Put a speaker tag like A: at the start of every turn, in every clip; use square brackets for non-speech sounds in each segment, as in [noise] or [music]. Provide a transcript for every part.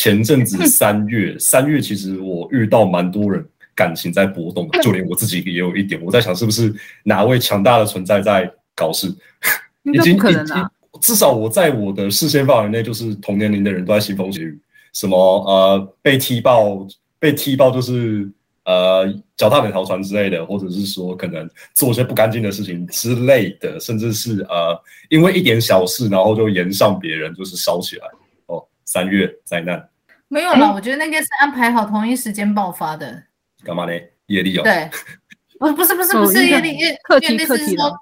A: 前陣子三月， [laughs] 三月其實我遇到蠻多人感情在波動，就連我自己也有一點。我在想是不是哪位強大的存在在搞事？
B: 嗯、 [laughs] 已經可能、啊、已經
A: 至少我在我的視線範圍內，就是同年齡的人都在腥風血雨，什麼呃被踢爆、被踢爆，就是呃腳踏兩條船之類的，或者是說可能做些不乾淨的事情之類的，甚至是呃因為一點小事，然後就延上別人，就是燒起來哦。三月災難。
C: 沒有了、嗯，我覺得那個是安排好同一時間爆發的。
A: 幹嘛呢？業力有、哦，對，
C: [laughs] 不是不是不是業力業，業力是說課題課題，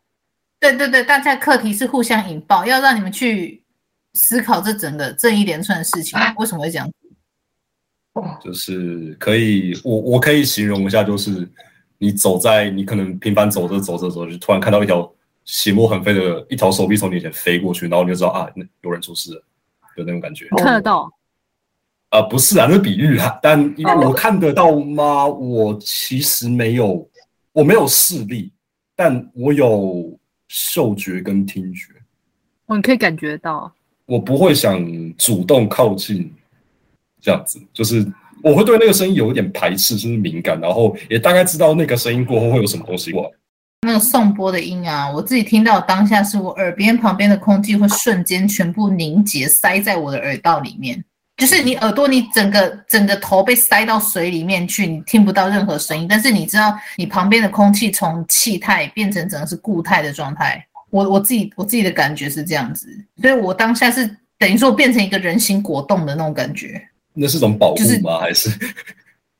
C: 對對對，大家課題是互相引爆，要讓你們去思考這整個這一連串的事情為什麼會這樣？
A: 就是可以，我我可以形容一下，就是你走在你可能平凡走着走着走着，就突然看到一條血沫橫飛的，一條手臂從你眼前飛過去，然後你就知道啊，有人出事了，有那種感覺。看得到。嗯呃，不是啊，那是比喻啊。但因為我看得到嗎？我其實沒有，我沒有視力，但我有嗅覺跟聽覺。
B: 哦，你可以感覺到。
A: 我不會想主動靠近，這樣子，就是我會對那個聲音有一點排斥，就是敏感，然後也大概知道那個聲音過後會有什麼東西過
C: 來。那個頌缽的音啊，我自己聽到當下是我耳邊旁邊的空氣會瞬間全部凝結塞在我的耳道裡面。就是你耳朵，你整個整個頭被塞到水裡面去，你聽不到任何聲音。但是你知道，你旁邊的空氣從氣態變成整個是固態的狀態。我我自己我自己的感覺是這樣子，所以我當下是等於說變成一個人形果凍的那
A: 種感覺。那是種保護嗎？就是，還是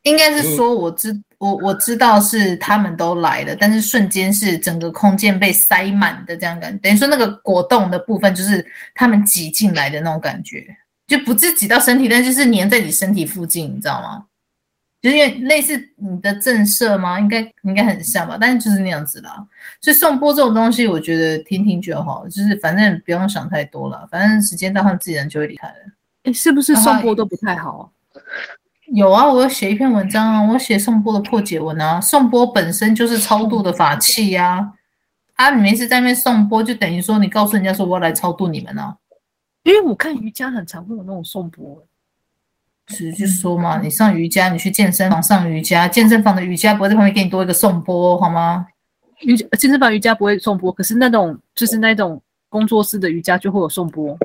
C: 應該是說我，我知我我知道是他們都來了，但是瞬間是整個空間被塞滿的這樣感覺，等於說那個果凍的部分就是他們擠進來的那種感覺。就不自己到身體，但就是粘在你身體附近，你知道嗎？就是因為類似你的震懾嗎？應該應該很像吧，但是就是那樣子啦。所以頌缽這種東西，我覺得聽聽就好，就是反正不用想太多了，反正時間到，他們自己人就會離開了。誒，是不是頌缽都不太好啊？有啊，我要寫一篇文章啊，我寫頌缽的破解文啊。頌缽本身就是超度的法器呀，啊，他每是在那邊頌缽，就等於說你告訴人家說我來超度你們啊。
B: 因為我看瑜伽很常會有那種頌缽。
C: 直接說嘛，你上瑜伽，你去健身房上瑜伽，健身房的瑜伽不會在旁邊給你多一個頌缽好嗎？瑜健身房瑜伽不會頌缽，可是那種就是那種工作室的瑜伽就會有頌缽。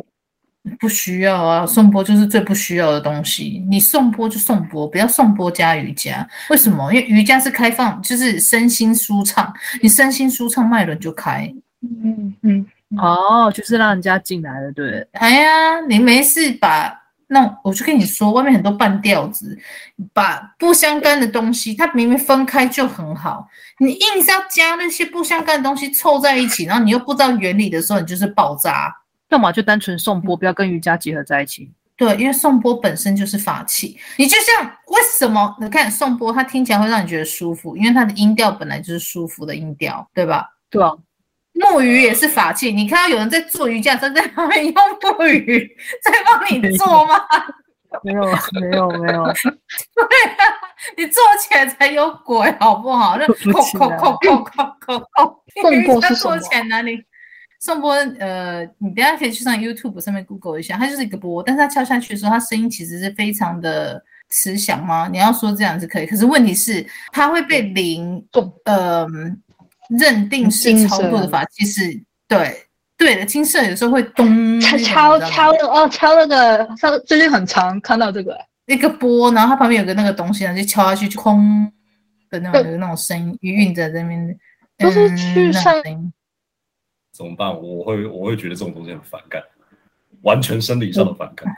C: 不需要啊，頌缽就是最不需要的東西，你頌缽就頌缽，不要頌缽加瑜伽。為什麼？因為瑜伽是開放，就是身心舒暢，你身心舒暢脈輪就開。嗯嗯。嗯哦，就是讓人家進來了，對。哎呀，你沒事把那，我就跟你說，外面很多半吊子，把不相干的東西，它明明分開就很好，你硬是要加那些不相干的東西湊在一起，然後你又不知道原理的時候，你就是爆炸。幹嘛就單純頌缽，不要跟瑜伽結合在一起？對，因為頌缽本身就是法器。你就像為什麼你看頌缽，它聽起來會讓你覺得舒服，因為它的音調本來就是舒服的音調，對吧？對啊。木魚也是法器，你看到有人在做瑜伽，正在旁邊用木魚在幫你做嗎？ [laughs] 沒有，
B: 沒有，沒有。 [laughs] 對
C: 呀、啊，你做起來才有鬼，好不好？那空空空空空空空，頌、喔、缽、喔喔喔喔、是頌缽呃，你等下可以去上 YouTube 上面 Google 一下，它就是一個缽，但是它敲下去的時候，它聲音其實是非常的慈祥嘛。你要說這樣子可以，可是問題是它會被靈重，嗯嗯呃認定是操作的法器是，對對的。金色有時候會咚敲敲敲那哦，敲那個上最近很常看到這個，一個波，然後它旁邊有個那個東西，然後就敲下去就轟的那種那種聲音，餘韻在這邊，就、嗯、是
A: 去上、那個、怎麼辦？我會我會覺得這種東西很反感，完全生理上的反感。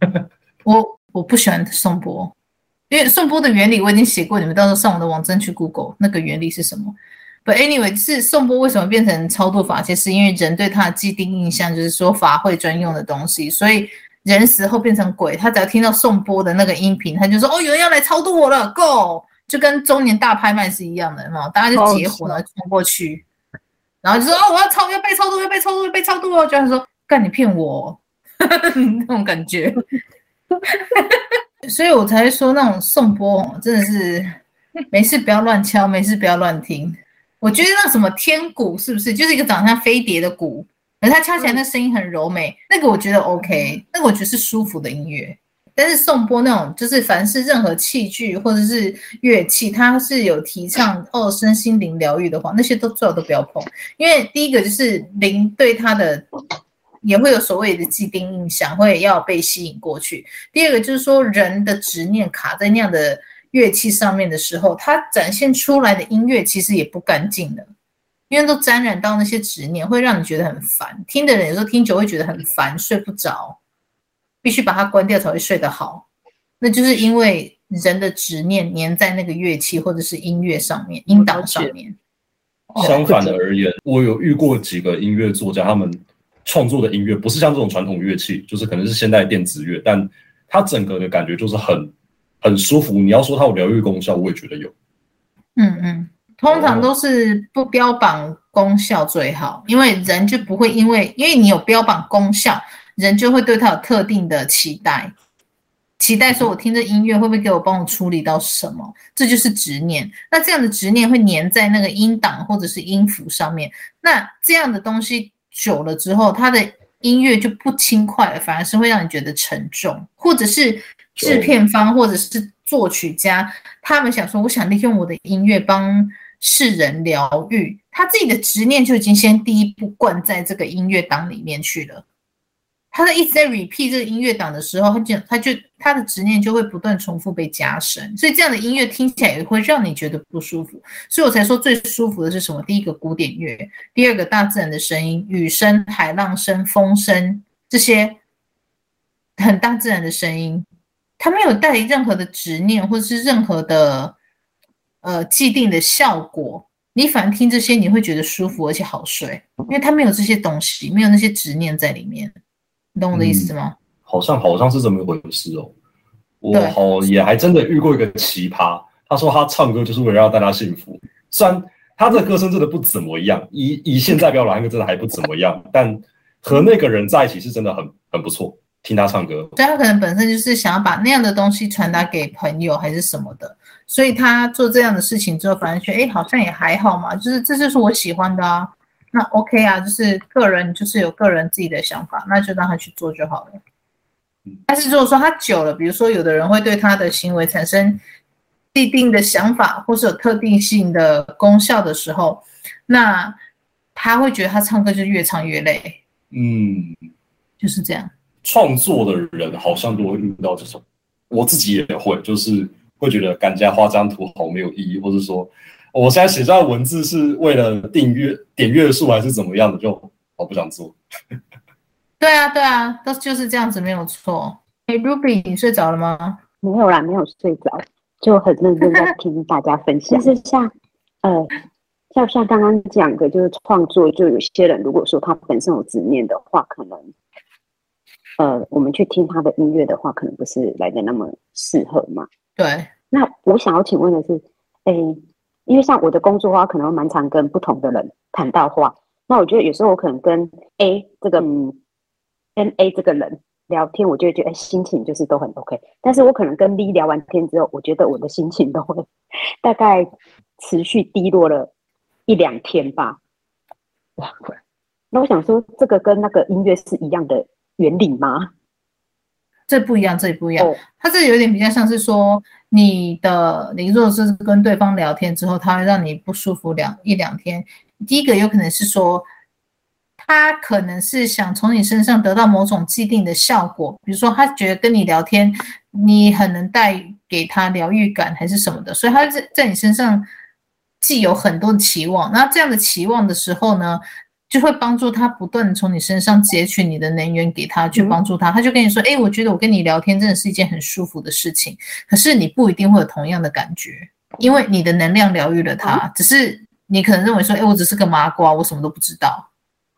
A: 嗯、
C: [laughs] 我我不喜歡頌缽，因為頌缽的原理我已經寫過，你們到時候上我的網站去 Google 那個原理是什麼？不，Anyway，是頌缽為什麼變成超度法器，其實是因為人對它的既定印象，就是說法會專用的東西，所以人死後變成鬼，他只要聽到頌缽的那個音頻，他就說：“哦，有人要來超度我了，Go！” 就跟中年大拍賣是一樣的，然後大家就結夥了衝過去，然後就說：“哦，我要超要被超度，要被超度，要被超度哦！”居然就說：“幹你騙我！” [laughs] 那種感覺， [laughs] 所以我才會說那種頌缽真的是沒事不要亂敲，沒事不要亂聽。我覺得那什麼天鼓是不是就是一個長得像飛碟的鼓，而它敲起來那聲音很柔美，那個我覺得 OK，那個我覺得是舒服的音樂。但是頌缽那種，就是凡是任何器具或者是樂器，它是有提倡二、哦、身心靈療癒的話，那些都最好都不要碰。因為第一個就是靈對它的也會有所謂的既定印象，會要被吸引過去；第二個就是說人的執念卡在那樣的。樂器上面的時候，它展現出來的音樂其實也不乾淨的，因為都沾染到那些執念，會讓你覺得很煩。聽的人有時候聽久會覺得很煩，睡不着，必須把它關掉才會睡得好。那就是因為人的執念粘在那個樂器或者是音樂上面，音檔上面。
A: 相反的而言、哦我，我有遇過幾個音樂作家，他們創作的音樂不是像這種傳統樂器，就是可能是現代電子樂，但它整個的感覺就是很。很舒服。你要說它有療癒功效，我也覺得有。嗯
C: 嗯，通常都是不標榜功效最好，因為人就不會因為因為你有標榜功效，人就會對它有特定的期待，期待說我聽着音樂會不會給我幫我處理到什麼？嗯、這就是執念。那這樣的執念會粘在那個音檔或者是音符上面。那這樣的東西久了之後，它的音樂就不輕快了，反而是會讓你覺得沉重，或者是。製片方或者是作曲家，他們想說：“我想利用我的音樂幫世人療癒。”他自己的執念就已經先第一步灌在這個音樂檔裡面去了。他在一直在 repeat 這個音樂檔的時候，他就他就他的執念就會不斷重複被加深，所以這樣的音樂聽起來也會讓你覺得不舒服。所以我才說最舒服的是什麼？第一個古典樂，第二個大自然的聲音，雨聲、海浪聲、風聲這些很大自然的聲音。他沒有帶任何的執念，或者是任何的呃既定的效果。你反正聽這些，你會覺得舒服，而且好睡，因為他沒有這些東西，沒有那些執念在裡面。你懂我的意思嗎？嗯、
A: 好像好像是這麼一回事哦。我好也還真的遇過一個奇葩，他說他唱歌就是為了讓大家幸福。雖然他這個歌聲真的不怎麼樣，以以現在標準，一個真的還不怎麼樣。 [laughs] 但和那個人在一起是真的很很不錯。聽
C: 他唱歌，對他可能本身就是想要把那樣的東西傳達給朋友還是什麼的，所以他做這樣的事情之後，反而覺得哎、欸，好像也還好嘛，就是這就是我喜歡的啊,那 OK 啊,就是個人就是有個人自己的想法，那就讓他去做就好了。但是如果說他久了，比如說有的人會對他的行為產生既定的想法，或是有特定性的功效的時候，那他會覺得他唱歌就越唱越累，嗯，
A: 就是這樣。創作的人好像都會遇到這種，我自己也會，就是會覺得感覺畫這張圖好沒有意義，或是說我現在寫這段文字是為了訂閱點閱數還是怎麼樣的，就好不想做。
C: 對啊，對啊，但就是這樣子，沒有錯。哎，hey，Ruby，
D: 你睡着了嗎？沒有啦，沒有睡着，就很認真在聽大家分享。就 [laughs] 是像呃，像像剛剛講的，就是創作，就有些人如果說他本身有執念的話，可能。呃，我們去聽他的音樂的話，可能不是來的那麼適合嘛。對。那我想要請問的是，哎、欸，因為像我的工作的話，可能蠻常跟不同的人談到話。那我覺得有時候我可能跟 A、欸、這個嗯，跟 A 這個人聊天，我就會覺得哎、欸，心情就是都很 OK。但是我可能跟 V 聊完天之後，我覺得我的心情都會大概持續低落了一兩天吧。哇，那我想說，這個跟那個音樂是一樣的原理嗎？這不一樣，這
C: 不一樣。Oh, 他這有點比較像是說，你的，你如果是跟對方聊天之後，他會讓你不舒服兩一兩天。第一個有可能是說，他可能是想從你身上得到某種既定的效果，比如說他覺得跟你聊天，你很能帶給他療癒感，還是什麼的，所以他在在你身上寄予很多的期望。那這樣的期望的時候呢？就會幫助他不斷從你身上截取你的能源給他去幫助他，他就跟你說：“欸，我覺得我跟你聊天真的是一件很舒服的事情。”可是你不一定會有同樣的感覺，因為你的能量療癒了他，只是你可能認為說：“欸，我只是個麻瓜，我什麼都不知道。”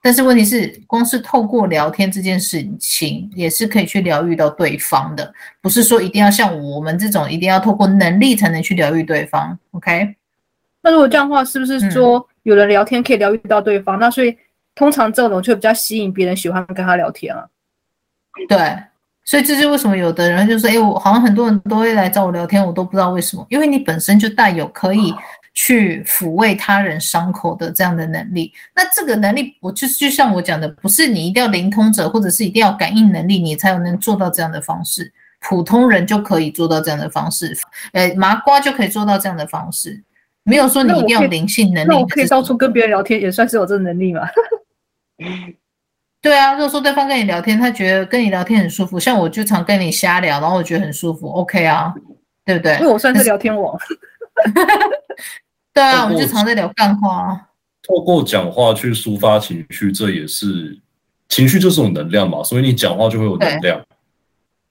C: 但是問題是，光是透過聊天這件事情，也是可以去療癒到對方的，不是說一定要像我們這種，一定要透過能力才能去療癒對方。OK，那如
B: 果這樣的話，是不是說、嗯？有人聊天可以療癒到對方，那所以通常這種
C: 就比較吸引別人喜歡跟他聊天了、啊。對，所以這就是為什麼有的人就說，哎，我好像很多人都會來找我聊天，我都不知道為什麼。因為你本身就帶有可以去撫慰他人傷口的這樣的能力。嗯、那這個能力不，我就是、就像我講的，不是你一定要靈通者或者是一定要感應能力，你才有能做到這樣的方式。普通人就可以做到這樣的方式，哎，麻瓜就可以做到這樣的方式。沒有說你一定要有靈性能力，你、嗯、
B: 可,可以到處跟別人聊天，也算是有這能力嘛？
C: [laughs] 對啊，如果說對方跟你聊天，他覺得跟你聊天很舒服，像我就常跟你瞎聊，然後我覺得很舒服，OK 啊，對不對？因為我算是聊天王。 [laughs] [laughs] 對啊，我們就常在聊幹話。
A: 透過講話去抒發情緒，這也是情緒就是種能量嘛，所以你講話就會有能量。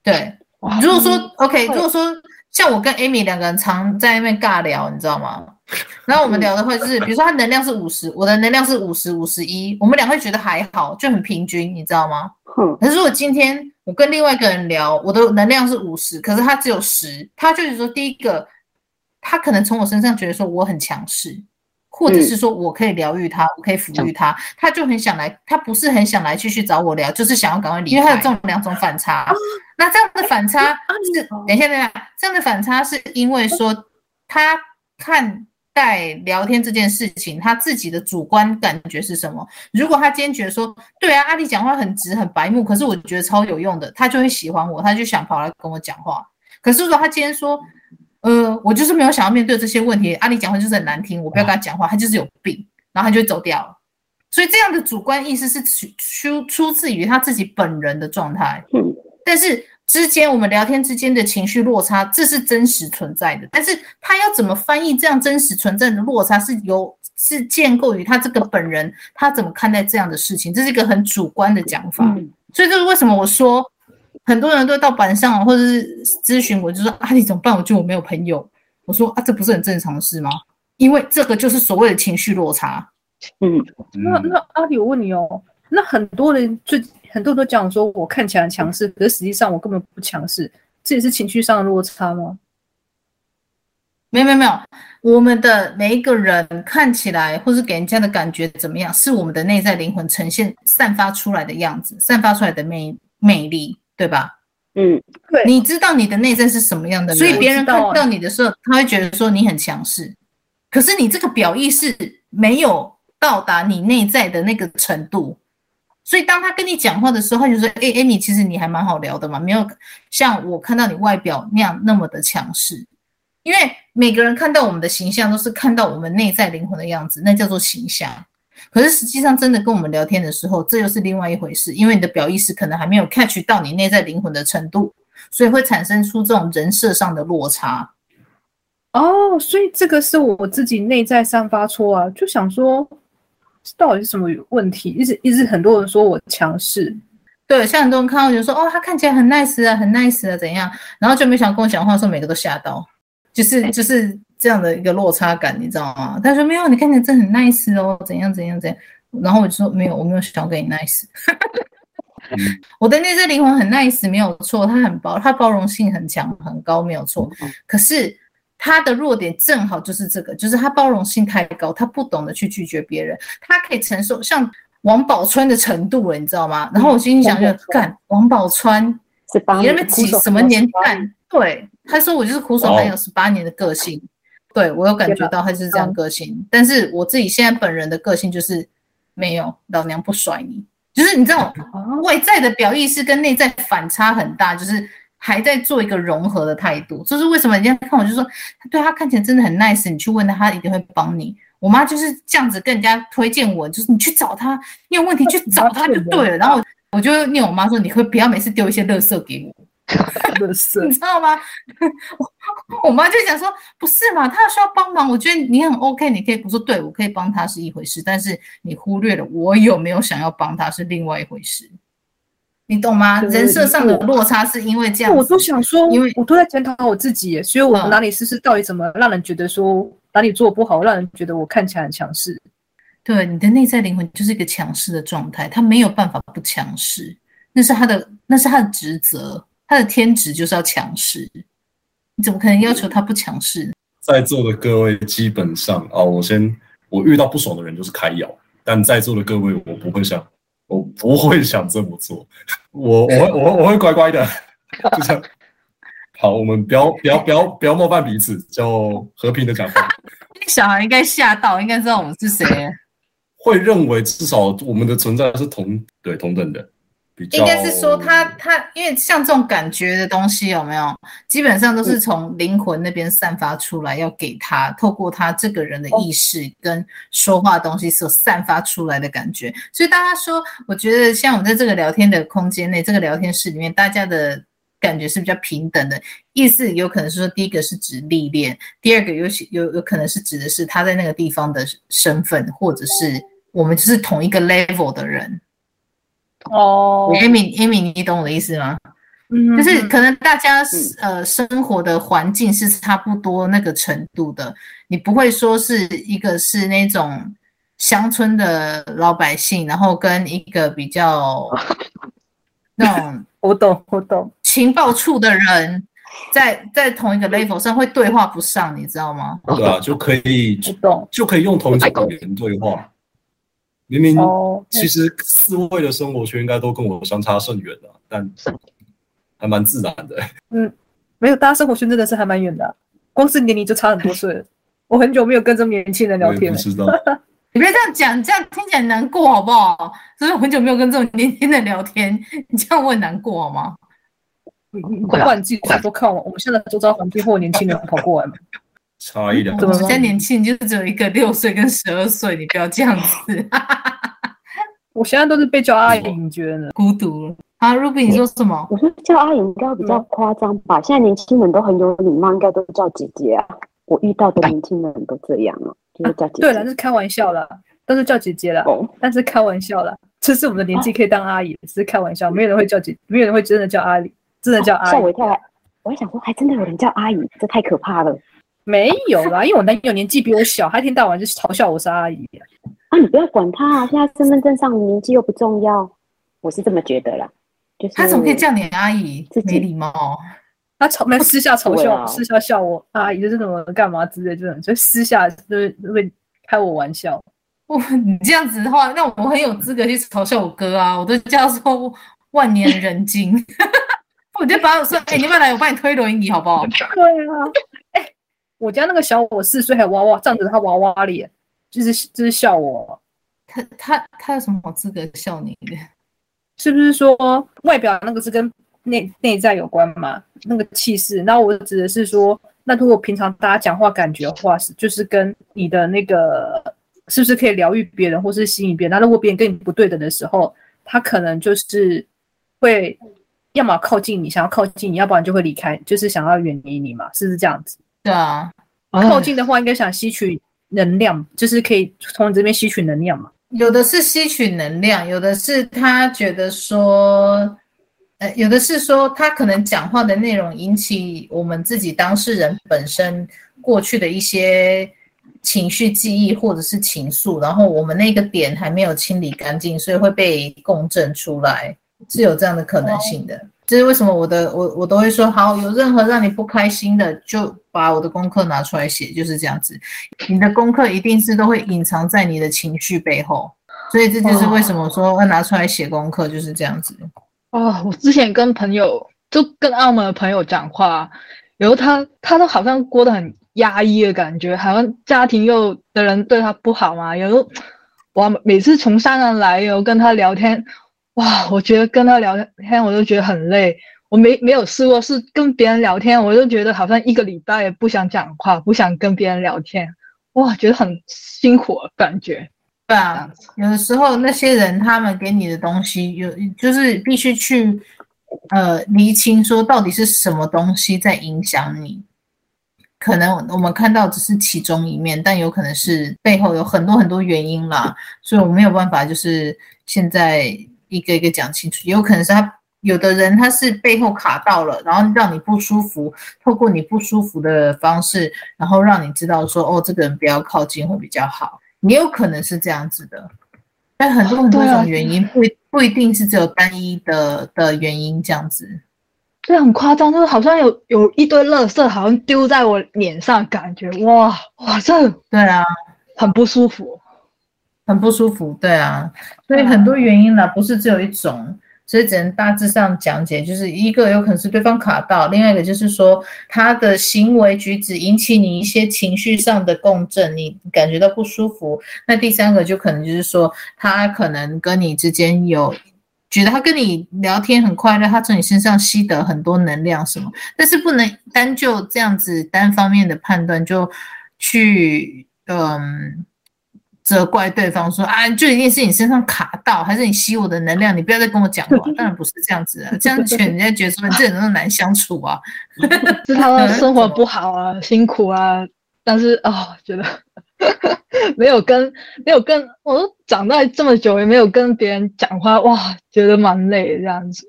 C: 對，對如果說、嗯、OK，如果說像我跟 Amy 兩個人常在那邊尬聊，你知道嗎？然後我們聊的會是，比如說他能量是五十，我的能量是五十五十一，我們兩個會覺得還好，就很平均，你知道嗎？可是如果今天我跟另外一個人聊，我的能量是五十，可是他只有十，他就是說第一個，他可能從我身上覺得說我很強勢，或者是說我可以療癒他、嗯，我可以撫育他，他就很想來，他不是很想來繼續找我聊，就是想要趕快離開，因為他有這種兩種反差。 [laughs] 那這樣的反差是，等一下，等一下，這樣的反差是因為說他看。在聊天這件事情，他自己的主觀感覺是什麼？如果他堅決說，對啊，阿璃講話很直很白目，可是我覺得超有用的，他就會喜歡我，他就想跑來跟我講話。可是如果他今天說，呃，我就是沒有想要面對這些問題，阿璃講話就是很難聽，我不要跟他講話，他就是有病，然後他就走掉了。所以這樣的主觀意識是出，出自於他自己本人的狀態。嗯，但是。之間我們聊天之間的情緒落差，這是真實存在的。但是他要怎麼翻譯這樣真實存在的落差，是由是建構於他這個本人他怎麼看待這樣的事情，這是一個很主觀的講法。嗯、所以就是為什麼我說很多人都到板上或者是諮詢我，就說阿璃、啊、怎麼辦？我覺得我沒有朋友。我說啊，這不是很正常的事嗎？因為這個就是所謂的情緒落差。嗯，那那阿璃我問你哦。
B: 那很多人就很多人都講說，我看起來很強勢，可是實際上我根本不強勢，
C: 這也是情緒上的落差嗎？沒有沒有沒有，我們的每一個人看起來或是給人家的感覺怎麼樣，是我們的內在靈魂呈現散發出來的樣子，散發出來的魅魅力，對吧？嗯，對，你知道你的內在是什麼樣的，所以別人看到你的時候，啊，他會覺得說你很強勢，可是你這個表意是沒有到達你內在的那個程度。所以，當他跟你講話的時候，他就說：“哎，欸，Amy，欸，其實你還蠻好聊的嘛，沒有像我看到你外表那樣那麼的強勢。因為每個人看到我們的形象，都是看到我們內在靈魂的樣子，那叫做形象。可是實際上，真的跟我們聊天的時候，這又是另外一回事。因為你的表意識可能還沒有 catch 到你內在靈魂的程度，所以會產生出這種人設上的落差。
B: 哦，所以這個是我自
C: 己內在散發出啊，就想說。”到底是什麼問題？一直一直很多人說我強勢，對，像很多人看到就說，哦，他看起來很 nice 啊，很 nice 啊，怎樣？然後就沒想跟我講話說每個都嚇到，就是就是這樣的一個落差感，你知道嗎？他說沒有，你看起來真很 nice 哦，怎樣怎樣怎樣？然後我就說沒有，我沒有想給你 nice， [laughs] 嗯、我的那隻靈魂很 nice，沒有錯，他很包，它包容性很強，很高，沒有錯，嗯、可是。他的弱點正好就是這個，就是他包容性太高，他不懂得去拒絕別人，他可以承受像王寶釧的程度了。欸，你知道嗎？然後我心裡想就幹 [music] 王寶釧，你那邊幾什麼年代年？對，他說我就是苦守還有十八年的個性，哦，對我有感覺到他是這樣個性。嗯，但是我自己現在本人的個性就是沒有，老娘不甩你，就是你知道外、 [music] 呃、在的表意是跟內在反差很大，就是。還在做一個融合的態度，這，就是為什麼人家看我就說，對，他看起來真的很 nice。你去問他，他一定會幫你。我媽就是這樣子，跟人家推薦我，就是你去找他，你有問題去找他就對了。然後我就念我媽說，你會不要每次丟一些垃圾給我，垃 [laughs] 圾你知道嗎？我媽就想說，不是嘛，他需要幫忙，我覺得你很 OK，你可以不說對我可以幫他是一回事，但是你忽略了我有沒有想要幫他是另外一回事。你懂嗎？人設上的落差是因為這樣，我都想
B: 說，因為我都在檢討我自己，所以我哪裡是是到底怎麼讓人覺得說、哦、哪裡做不
C: 好，讓人覺得我看起來很強勢。對，你的內在靈魂就是一個強勢的狀態，他沒有辦法不強勢，那是他的，那是他的職責，他的天職就是要強勢。你怎麼可能要求他不強勢？
A: 在座的各位基本上啊、哦，我先，我遇到不爽的人就是開咬。但在座的各位我不會像。我不會想這麼做，我我會我會我會乖乖的， [laughs] 就這樣。好，我們不要不要不要不要冒犯彼此，就和平的講話。 [laughs] 那
B: 小
C: 孩應該嚇到，應該知道我們是誰。
A: 會認為至少我們的存在是同對同等的。應該是
C: 說他他，因為像這種感覺的東西有沒有，基本上都是從靈魂那邊散發出來，要給他透過他這個人的意識跟說話東西所散發出來的感覺。哦、所以大家說，我覺得像我們在這個聊天的空間內，這個聊天室裡面，大家的感覺是比較平等的。意思有可能是說，第一個是指歷練，第二個有有有可能是指的是他在那個地方的身份，或者是我們就是同一個 level 的人。哦、oh,，Amy，Amy，你懂我的意思嗎？嗯，就是可能大家呃、mm -hmm. 生活的環境是差不多那個程度的，你不會說是一個是那種鄉村的老百姓，然後跟一個比較那種，我懂我懂，情報處的人在 [laughs] 在，在同一個 level 上會對話不上，你知道嗎？對啊，
A: 就可以就，就可以用同一個語言對話。明明其實四位的生活圈應該都跟我相差甚遠的，oh, okay. 但還蠻自然的，
B: 欸。嗯，沒有，大家生活圈真的是還蠻遠的，光是年齡就差很多歲。 [laughs] 我很久沒有跟這麼年輕人聊天了。知道？ [laughs] 你別這樣講，這樣聽起來難過好不好？所以我很久沒
C: 有跟這種年輕人聊天，你這樣我也難過好嗎？ [laughs]
B: 你不要你自己再多看我，我現在周遭最後的年輕人跑過來。 [laughs]
C: 差一點，怎麼我們家年輕人就是只有一個六歲跟十二歲，你不要這樣子。
B: [laughs] [laughs] 我現在都是被叫阿姨，你覺得呢？孤獨啊，Ruby，你說什麼？我說
D: 叫阿姨應該比較誇張吧、嗯。現在年輕人都很有禮貌，應該都是叫姐姐啊。我遇到的年輕人都這樣了、啊，就是叫姐姐。啊、對了，是
B: 開玩笑啦，但是叫姐姐了。哦，但是開玩笑啦，這是我們的年紀可以當阿姨，只、啊、是開玩笑，沒有人會叫姐姐，沒有人會真的叫阿姨，真的叫阿姨嚇、啊、我一跳。我還想說，還真的有人叫阿姨，這太可怕了。沒有啦，因為我男友年紀比我小，他一天到晚
D: 就嘲笑我是阿姨。啊，你不要管他啊！現在身份證上年紀又不重要，我是這麼覺得啦。就是、他怎麼可以叫
B: 你阿姨？沒禮貌。他從來私下嘲笑，啊、私下笑我阿姨就是什麼幹嘛之類，就很就私下都、就、會、是
C: 就是、開我玩笑。哇、哦，你這樣子的話，那我很有資格去嘲笑我哥啊！我都叫說萬年人精。 [laughs] [laughs] 我就把我說，哎、欸，你慢來，我幫你推輪椅好不好？ [laughs] 對啊。
B: 我家那個小我四歲還娃娃，仗着他娃娃臉，就是就是笑我。他他他有什麼資格笑你呢？是不是說外表那個是跟內內在有關嘛？那個氣勢。那我指的是說，那如果平常大家講話感覺的話，是就是跟你的那個是不是可以療癒別人或是吸引別人？那如果別人跟你不對等的時候，他可能就是會要麼靠近你，想要靠近你，要不然就會離開，就是想要遠離你嘛？是不是這樣子？對啊，靠近的話應該想吸取能量，嗯，就是可以從你這邊吸取能量嘛。
C: 有的是吸取能量，有的是他覺得說，呃，有的是說他可能講話的內容引起我們自己當事人本身過去的一些情緒記憶，或者是情愫，然後我們那個點還沒有清理乾淨，所以會被共振出來，是有這樣的可能性的。這、就是為什麼我？我的我我都會說好，有任何讓你不開心的，就把我的功課拿出來寫，就是這樣子。你的功課一定是都會隱藏在你的情緒背後，所以這就是為什麼我說會拿出來寫功課，就是這樣子
B: 哦。哦，我之前跟朋友，就跟澳門的朋友講話，然後他他都好像過得很壓抑的感覺，好像家庭又的人對他不好嘛、啊。然後、就是、我每次從香港來，有跟他聊天。哇，我覺得跟他聊天，我都覺得很累。我沒沒有試過，是跟別人聊天，我就覺得好像一個禮拜也不想講話，不想跟別人聊天。哇，覺
C: 得很辛苦，感覺。對啊，有的時候那些人他們給你的東西有，有就是必須去，呃，釐清說到底是什麼東西在影響你。可能我們看到只是其中一面，但有可能是背後有很多很多原因啦。所以我沒有辦法，就是現在，一個一個講清楚，也有可能是他，有的人他是背後卡到了，然後讓你不舒服，透過你不舒服的方式，然後讓你知道說哦，這個人不要靠近會比較好。也有可能是這樣子的，但很多很多種原因，哦啊、不不一定是只有單一的的原因這樣子。
B: 這很誇張，就是好像有有一堆垃圾好像丟在我臉上，感覺哇哇這對啊，
C: 很不舒服。很不舒服，對啊，所以很多原因呢，不是只有一種，所以只能大致上講解，就是一個有可能是對方卡到，另外一個就是說他的行為舉止引起你一些情緒上的共振，你感覺到不舒服。那第三個就可能就是說他可能跟你之間有覺得他跟你聊天很快樂，他從你身上吸得很多能量什麼，但是不能單就這樣子單方面的判斷就去嗯。責怪對方說啊，就一定是你身上卡到，還是你吸我的能量？你不要再跟我講話。 [laughs] 當然不是這樣子啊，這樣子人家覺得說你 [laughs] 這人很難相處啊。 [laughs] [laughs] 是他的生
B: 活不好啊，辛苦啊。但是哦，覺得呵呵沒有跟沒有跟，我都長大這麼久也沒有跟別人講話哇，覺得蠻累的這樣子。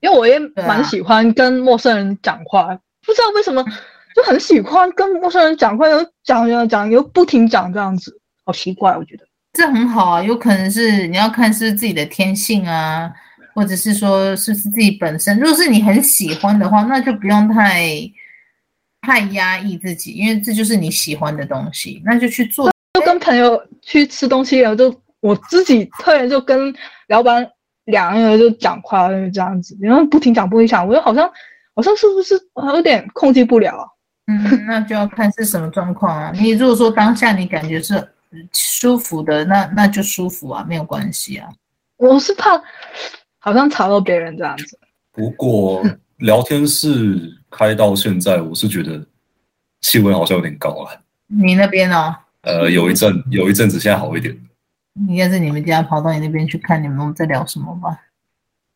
B: 因為我也蠻喜歡跟陌生人講話，啊、不知道為什麼就很喜歡跟陌生人講話，又講講講又不
C: 停講這樣子。好奇怪，我覺得這很好啊，有可能是你要看是，是自己的天性啊，或者是說是不是自己本身。如果是你很喜歡的話，那就不用太太壓抑自己，因為這就是你喜歡的東西，那就去做。就跟朋友去吃東西了，就我自己突然就跟老
B: 闆兩個人就講話，這樣子，然後不停講不停講，我又好像好像是不是我有點控制不了。嗯，
C: 那就要看是什麼狀況啊。 [laughs] 你如果說當下你感覺是。舒服的，那那就舒服啊，沒有關係啊。我
B: 是怕好像吵到別人這樣子。
A: 不過聊天室開到現在，我是覺得氣溫好像有點高
C: 了啊。你那邊呢哦？
A: 呃，有一陣有一陣子現在好一點。
C: 應該是你們家跑到你那邊去看你們在聊什麼吧？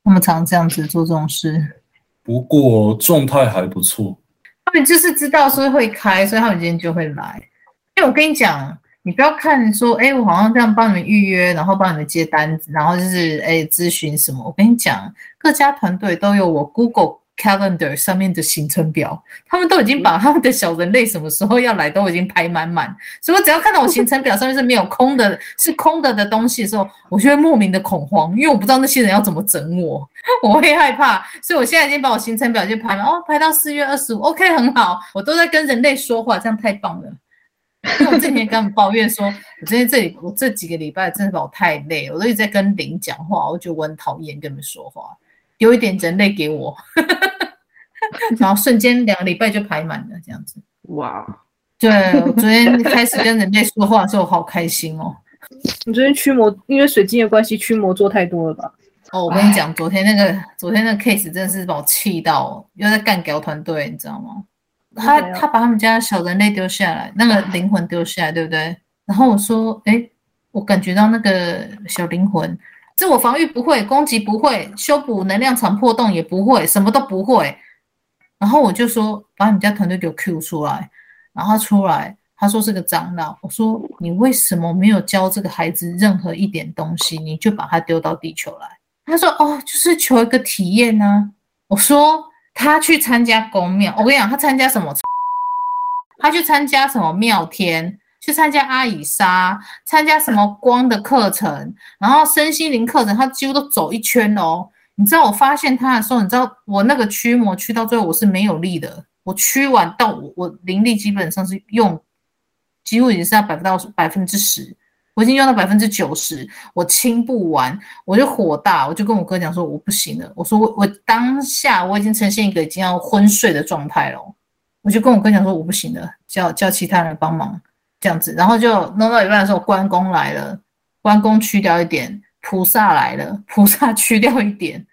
C: 他們常這樣子做這種事。
A: 不過狀態還不錯。
C: 他們就是知道說會開，所以他們今天就會來。因為我跟你講。你不要看說，誒、欸、我好像這樣幫你們預約，然後幫你們接單子，然後就是誒、欸、諮詢什麼。我跟你講，各家團隊都有我 Google Calendar 上面的行程表，他們都已經把他們的小人類什麼時候要來都已經排滿滿。所以我只要看到我行程表上面是沒有空的， [laughs] 是空的的東西的時候，我就會莫名的恐慌，因為我不知道那些人要怎麼整我，我會害怕。所以我現在已經把我行程表就排滿，哦，排到四月二十五，OK，很好，我都在跟人類說話，這樣太棒了。 [laughs] 因為我之前跟他們抱怨說，我今天這裡，我這幾個禮拜真的把我太累，我都一直在跟靈講話，我覺得我很討厭跟你們說話，有一點人類給我， [laughs] 然後瞬間兩個禮拜就排滿了這樣子。哇，對，我昨天開始跟人家說話的時候，我好開心哦，哦。你昨天驅魔，因為水晶的關係，驅魔做太多了吧？哦，我跟你講，昨天那個昨天那個 case 真的是把我氣到，又在幹譙團隊，你知道嗎？他他把他們家的小人類丟下來，那個靈魂丟下來，對不對？然後我說，哎，我感覺到那個小靈魂，自我防禦不會，攻擊不會，修補能量場破洞也不會，什麼都不會。然後我就說，把你們家團隊給我 Q 出來。然後他出來，他說是個長老。我說，你為什麼沒有教這個孩子任何一點東西，你就把他丟到地球來？他說，哦，就是求一個體驗呢、啊。我說。他去參加宮廟，我跟你講，他參加什麼？他去參加什麼廟天？去參加阿以沙，參加什麼光的課程？然後身心靈課程，他幾乎都走一圈哦。你知道我發現他的時候，你知道我那個驅魔驅到最後我是沒有力的，我驅完到我我靈力基本上是用，幾乎已經是在百不到百分之十。我已經用到百分之九十，我清不完，我就火大，我就跟我哥講說我不行了。我說我我當下我已經呈現一個已經要昏睡的狀態了，我就跟我哥講說我不行了，叫叫其他人幫忙這樣子。然後就弄到一半的時候，關公來了，關公去掉一點；菩薩來了，菩薩去掉一點。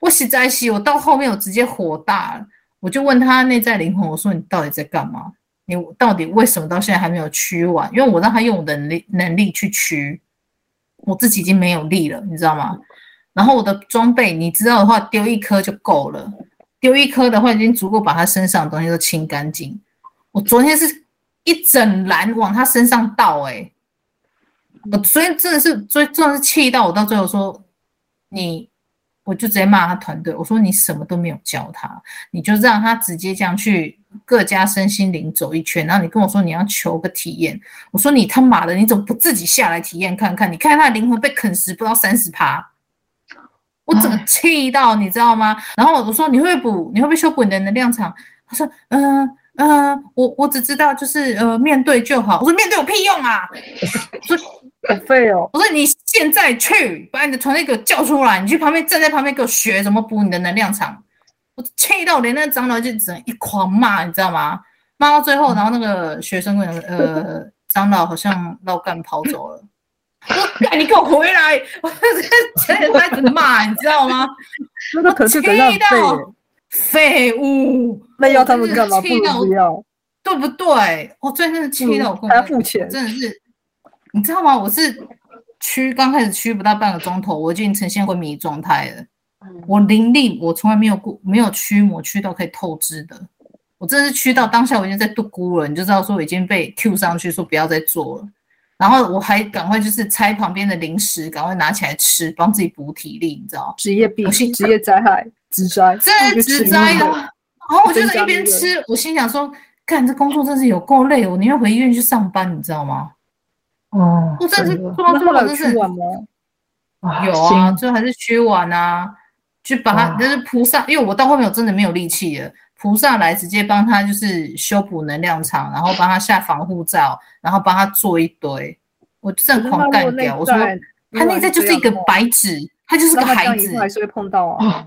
C: 我實在是，我到後面我直接火大了，我就問他內在靈魂，我說你到底在幹嘛？你到底為什麼到現在還沒有驅完？因為我讓他用我的能力能力去驅，我自己已經沒有力了，你知道嗎？然後我的裝備，你知道的話，丟一顆就夠了，丟一顆的話已經足夠把他身上的東西都清乾淨。我昨天是一整籃往他身上倒。欸，哎，我昨天真的是，所以真的是氣到我，到最後說你，我就直接罵他團隊，我說你什麼都沒有教他，你就讓他直接這樣去。各家身心靈走一圈，然後你跟我說你要求個體驗，我說你他媽的，你怎麼不自己下來體驗看看？你看他的靈魂被啃食，不到三十趴，我怎麼氣到你知道嗎？然後我說你會不會補，你會不會修補你的能量場？他說嗯嗯、呃呃，我我只知道就是呃面對就好。我說面對有屁用啊！我說很廢 [laughs] 哦。我說你現在去把你的團隊給我叫出來，你去旁邊站在旁邊給我學怎麼補你的能量場。我氣到連那個長老就只能一狂罵，你知道嗎？罵到最後，然後那個學生會呃、嗯，長老好像老幹跑走了。我 [laughs] 幹、啊，你給我回來！我這
B: 在一直罵，你知道嗎？個 [laughs] 氣到廢、欸、物，
C: 那要他們幹嘛？不要，對不對？我真的是氣到，還要付錢，真的是，你知道嗎？我是驅，剛開始驅不到半個鐘頭，我已經呈現昏迷狀態了。我靈力，我從來沒有過沒有驅魔驅到可以透支的，我這是驅到當下我已經在度孤了，你就知道說我已經被 Q 上去說不要再做了，然後我還趕快就是拆旁邊的零食，趕快拿起來吃，幫自己補體力，你知道職業病，不職業災害，職災，真是職災了。然後我、哦、我就在一邊吃，我心想說，幹這工作真是有夠累，我寧願回醫院去上班，你知道嗎？哦，我、哦、真是做多了真是有、啊，有啊，最後還是驅完啊。去把他，就是菩薩，因為我到後面我真的沒有力氣了，菩薩來直接幫他，就是修補能量場，然後幫他下防護罩，然後幫他做一堆，我就這樣狂乾掉。我說他內在就是一個白紙，他就是個孩子。以後還是會碰到啊。啊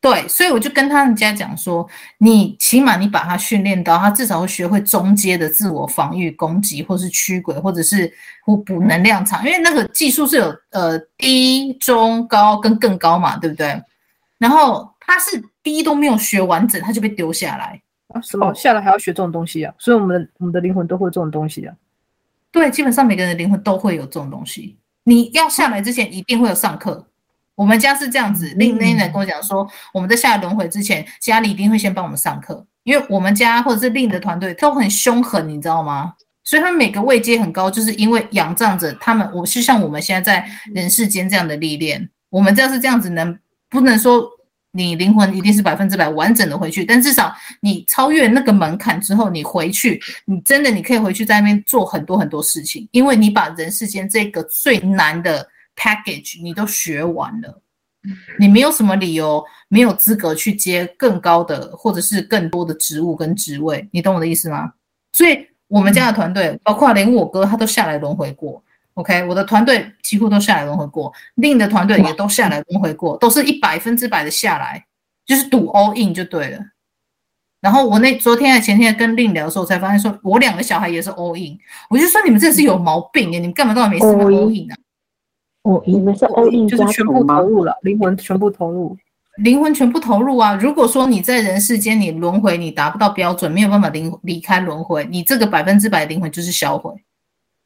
C: 對，所以我就跟他們家講說，你起碼你把他訓練到，他至少會學會中階的自我防禦、攻擊，或是驅鬼，或者是互補能量場，因為那個技術是有呃低、中、高跟更高嘛，對不對？然後他是低都沒有學完整，他就被丟下來啊。什麼？下來還要學這種東西啊，所以我們的我們的靈魂都
B: 會有這種東西啊。
C: 對，基本上每個人的靈魂都會有這種東西。你要下來之前，一定會有上課。我們家是這樣子，另那人跟我講說，我們在下輪迴之前，家裡一定會先幫我們上課，因為我們家或者是另的團隊都很凶狠，你知道嗎？所以他們每個位階很高，就是因為仰仗着他們。我是像我們現在在人世間這樣的歷練，我們這樣是這樣子能，不能說你靈魂一定是百分之百完整的回去，但至少你超越那個門檻之後，你回去，你真的你可以回去在那邊做很多很多事情，因為你把人世間這個最難的。Package，你都學完了，你沒有什麼理由，沒有資格去接更高的或者是更多的職務跟職位，你懂我的意思嗎？所以我們家的團隊，包括連我哥他都下來輪迴過，OK，我的團隊幾乎都下來輪迴過，令的團隊也都下來輪迴過，都是一百分之百的下來，就是賭 All In 就對了。然後我那昨天還前天跟令聊的時候，才發現說，我兩個小孩也是 All In，我就說你們這是有毛病耶、欸，你們幹嘛都沒什麼 All In 呢？啊？我、哦、你們是 all in 就，就是全部投入了靈魂，全部投入，靈魂全部投入啊！如果說你在人世間你輪回，你達不到標準，沒有辦法靈離，離開輪回，你這個百分之百的靈魂就是銷毀。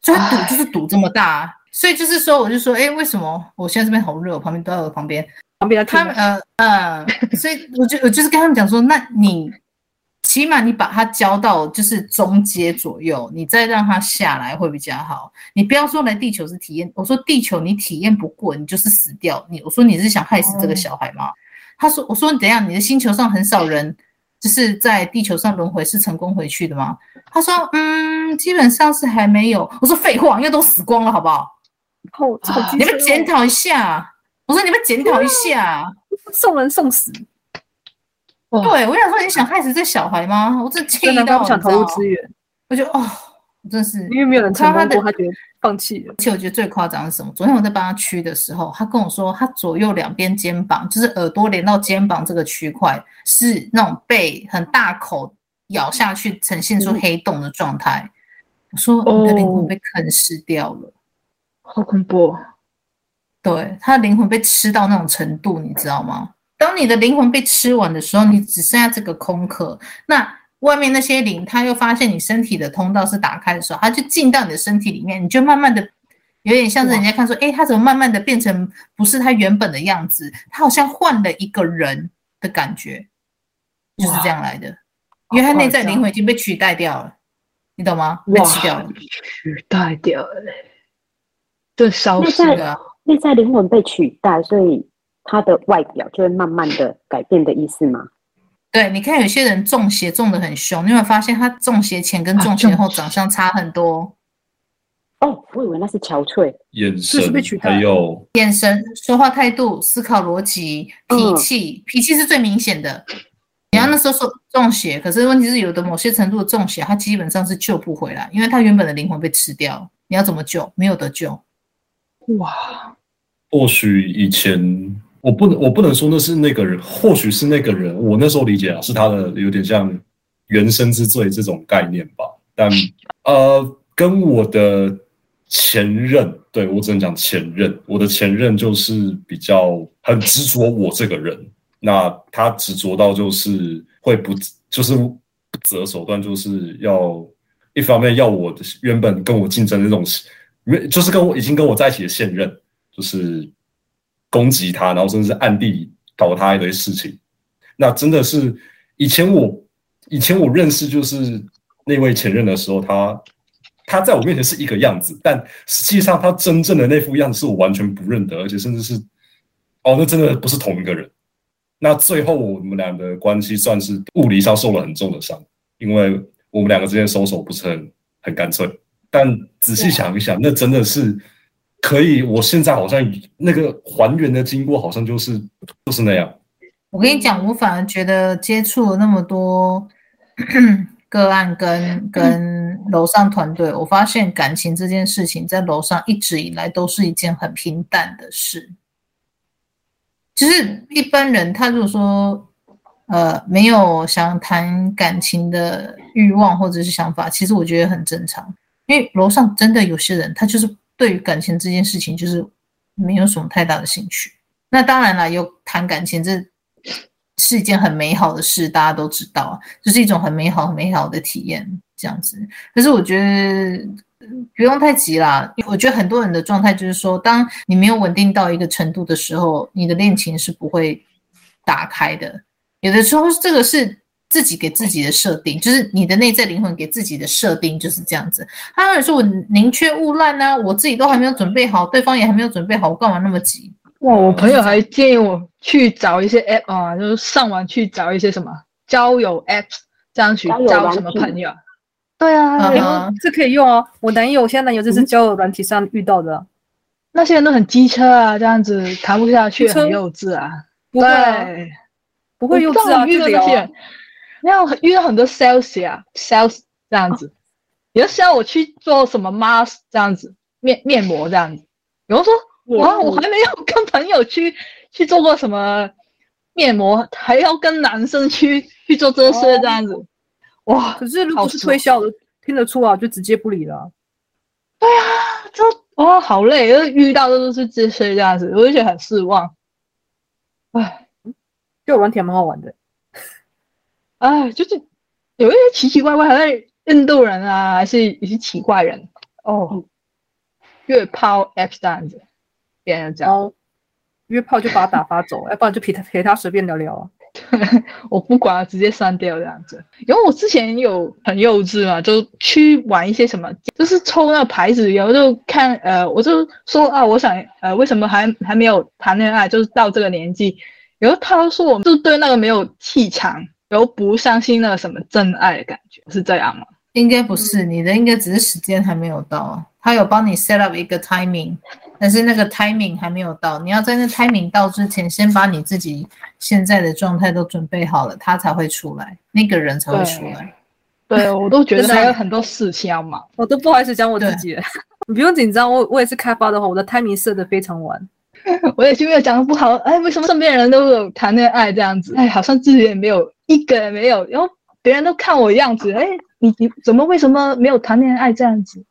C: 所以賭就是賭這麼大，啊，所以就是說，我就說，哎，為什麼我現在這邊好熱？我旁邊都在我旁邊，旁邊的他們呃呃，所以我就我就是跟他們講說，那你。 [laughs] 起碼你把它交到就是中階左右，你再讓它下來會比較好。你不要說來地球是體驗，我說地球你體驗不過，你就是死掉。你我說你是想害死這個小孩嗎？哦、他說，我說你等一下，你的星球上很少人，就是在地球上輪迴是成功回去的嗎？他說，嗯，基本上是還沒有。我說廢話，因為都死光了，好不好？
B: 哦啊、你們檢
C: 討一下。我說你們檢討一下、哦，送人送死。對，我想說，你想害死這小孩嗎？我這氣到，我想投入資源，我就哦，真是，因為沒有人投入他，他覺得放棄了。而且我覺得最誇張是什麼？昨天我在幫他驅的時候，他跟我說，他左右兩邊肩膀，就是耳朵連到肩膀這個區塊，是那種被很大口咬下去，呈現出黑洞的狀態。嗯、我說，你的靈魂被啃噬掉了、哦，好恐怖！對，他的靈魂被吃到那種程度，你知道嗎？當你的靈魂被吃完的時候，你只剩下這個空殼。那外面那些靈，它又發現你身體的通道是打開的時候，它就進到你的身體裡面，你就慢慢的，有點像是人家看說，哎、欸，它怎麼慢慢的變成不是它原本的樣子？它好像換了一個人的感覺，就是這樣來的。
B: 因為它內在靈魂已
C: 經被取代掉了，你懂嗎？被取代了，
D: 取代掉了，就消失了。內在靈魂被取代，所以。他的外表就會慢慢的改變的意思嗎？
C: 對，你看有些人中邪中得很兇，你有沒有發現他中邪前跟中邪後長相差很多？
A: 啊？哦，我
C: 以為那是憔悴，
A: 眼神是不是被取代還有
C: 眼神、說話態度、思考邏輯、脾氣，嗯、脾氣是最明顯的。你要那時候說中邪，可是問題是有的某些程度的中邪，他基本上是救不回來，因為他原本的靈魂被吃掉，你要怎麼救？沒有得救。哇，
A: 或許以前。我不能，我不能說那是那個人，或許是那個人。我那時候理解啊，是他的有點像原生之罪這種概念吧。但呃，跟我的前任，對，我只能講前任。我的前任就是比較很執着我這個人。那他執着到就是會不就是不擇手段，就是要一方面要我原本跟我競爭的那種，就是跟我已經跟我在一起的現任，就是。攻擊他，然後甚至暗地搞他一堆事情，那真的是以前我以前我認識就是那位前任的時候，他他在我面前是一個樣子，但實際上他真正的那副樣子是我完全不認得，而且甚至是哦，那真的不是同一個人。那最後我們倆的關係算是物理上受了很重的傷，因為我們兩個之間收手不是很很乾脆。但仔細想一想，那真的是。可以，我現在好像那個還原的經過好像就是就是那樣。
C: 我跟你講，我反而覺得接觸了那麼多個案跟、跟跟樓上團隊，我發現感情這件事情在樓上一直以來都是一件很平淡的事。就是一般人他如果說呃沒有想談感情的慾望或者是想法，其實我覺得很正常，因為樓上真的有些人他就是。對於感情這件事情，就是沒有什麼太大的興趣。那當然了，有談感情這是一件很美好的事，大家都知道這就是一種很美好、很美好的體驗這樣子。可是我覺得，嗯，不用太急啦，我覺得很多人的狀態就是說，當你沒有穩定到一個程度的時候，你的戀情是不會打開的。有的時候，這個是。自己給自己的設定，就是你的內在靈魂給自己的設定就是這樣子。他有時候我寧缺毋濫呢、啊，我自己都還沒有準備好，對方也還沒有準備好，我幹嘛那麼急？哇，我
B: 朋友還建議我去找一些 app 啊，就是上網去找一些什麼交友 app，這樣去交什麼朋友？友，對啊、uh-huh，這可以用啊。我男友現在男友就是交友軟體上遇到的、嗯，那些人都很機車啊，這樣子談不下去，很幼稚啊，不會、啊對，不會幼稚啊，遇到那些。沒有，遇到很多 sales Cels, 啊，sales 這樣子，有時候我去做什麼 mask 這樣子，面面膜這樣子。有人說我，哇，我還沒有跟朋友去去做過什麼面膜，還要跟男生去去做這些這樣子，哦。哇，可是如果是推銷的，聽得出啊，就直接不理了。對啊，就哦，好累，遇到的都是這些這樣子，我就覺得很失望。唉，就玩挺蠻好玩的。哎，就是有一些奇奇怪怪，還在印度人啊，還是有一些奇怪人哦。約炮 App 這樣子，別人這樣，約、哦、炮就把他打發走， [laughs] 要不然就陪他陪他隨便聊聊啊。 [laughs] 我不管了，直接刪掉這樣子。因為我之前有很幼稚嘛，就去玩一些什麼，就是抽那個牌子，然後就看呃，我就說啊，我想呃，為什麼還還沒有談戀愛，就是到這個年紀，然後他說我就對那個沒有氣場。都不相
C: 信的什麼真愛的感覺是這樣嗎？應該不是，你的應該只是時間還沒有到啊。他有幫你 set up 一個 timing，但是那個 timing 還沒有到，你要在那個 timing 到之前，先把你自己現在的狀態都準備好了，他才會出來，那個人才會出來。對，對我都覺得還有
B: 很多事情要忙， [laughs] 就是，我都不好意思講我自己。 [laughs] 你不用緊張，我我也是開發的話，我的 timing 設的非常晚， [laughs] 我也是沒有講不好。哎，為什麼身邊人都有談戀愛這樣子？哎，好像自己也沒有。一個也沒有，然後別人都看我樣子，哎、欸，你你怎麼為什麼沒有談戀愛這樣子？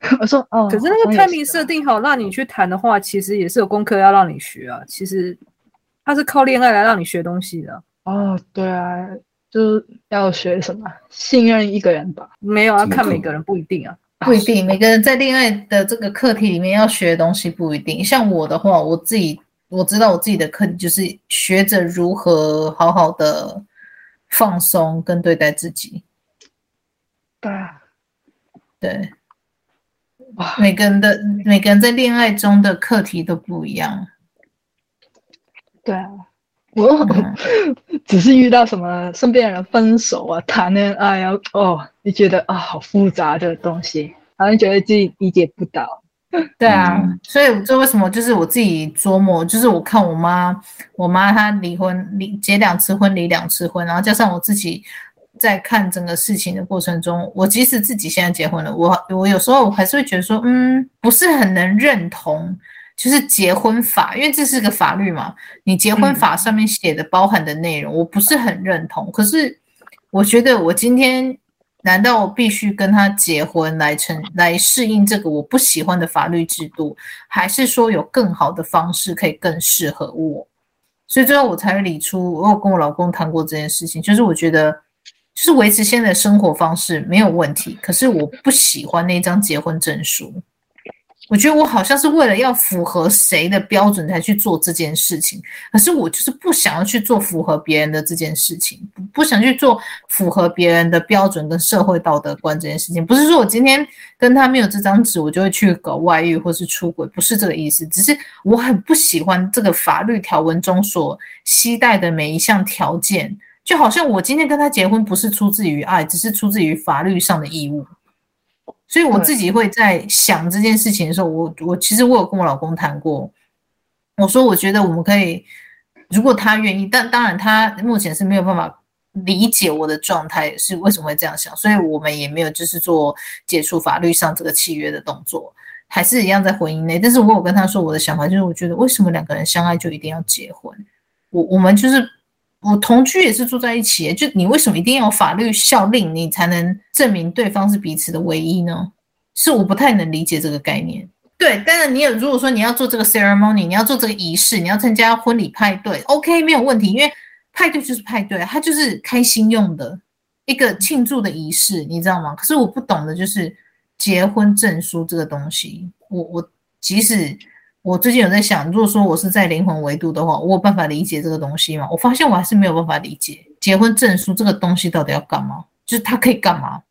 B: [laughs] 我說哦，可是那個 timing 設定好讓你去談的話，哦，其實也是有功課要讓你學啊。其實它是靠戀愛來讓你學東西的。哦，對啊，就是
C: 要學什麼？信任一個人吧？沒有啊，要看每個人不一定啊，不一定 [laughs] 每個人在戀愛的這個課題裡面要學的東西不一定。像我的話，我自己。我知道我自己的課題就是學着如何好好的放鬆跟對待自己。對啊，對。哇，每個人的每個人在戀愛中的課題都不一樣。
B: 對啊，我、哦嗯、只是遇到什麼身邊的人分手啊，談戀愛啊，哦，你覺得啊、哦，好複雜的東西，好、啊、像覺得自己理解不到。
C: 對啊，嗯、所以這為什麼就是我自己琢磨，就是我看我媽，我媽她離婚離結兩次婚離兩次婚，然後加上我自己在看整個事情的過程中，我即使自己現在結婚了，我我有時候我還是會覺得說，嗯，不是很能認同，就是結婚法，因為這是個法律嘛，你結婚法上面寫的包含的內容，嗯、我不是很認同。可是我覺得我今天。難道我必須跟他結婚來成來適應這個我不喜歡的法律制度，還是說有更好的方式可以更適合我？所以最後我才理出，我有跟我老公談過這件事情，就是我覺得，就是維持現在的生活方式沒有問題，可是我不喜歡那張結婚證書。我覺得我好像是為了要符合誰的標準才去做這件事情，可是我就是不想要去做符合別人的這件事情，不想去做符合別人的標準跟社會道德觀這件事情。不是說我今天跟他沒有這張紙，我就會去搞外遇或是出軌，不是這個意思。只是我很不喜歡這個法律條文中所期待的每一項條件，就好像我今天跟他結婚不是出自於愛，只是出自於法律上的義務。所以我自己會在想這件事情的時候，我我其實我有跟我老公談過，我說我覺得我們可以，如果他願意，但當然他目前是沒有辦法理解我的狀態是為什麼會這樣想，所以我們也沒有就是做解除法律上這個契約的動作，還是一樣在婚姻內。但是我有跟他說我的想法，就是我覺得為什麼兩個人相愛就一定要結婚？我我們就是。我同居也是住在一起，就你為什麼一定要有法律效力你才能證明對方是彼此的唯一呢？是我不太能理解這個概念。對，當然你也如果說你要做這個 ceremony，你要做這個儀式，你要參加婚禮派對，OK 沒有問題，因為派對就是派對，它就是開心用的一個慶祝的儀式，你知道嗎？可是我不懂的就是結婚證書這個東西，我我即使。我最近有在想，如果說我是在靈魂維度的話，我有辦法理解這個東西嗎？我發現我還是沒有辦法理解結婚證書這個東西到底要幹嘛，就是它可以幹嘛？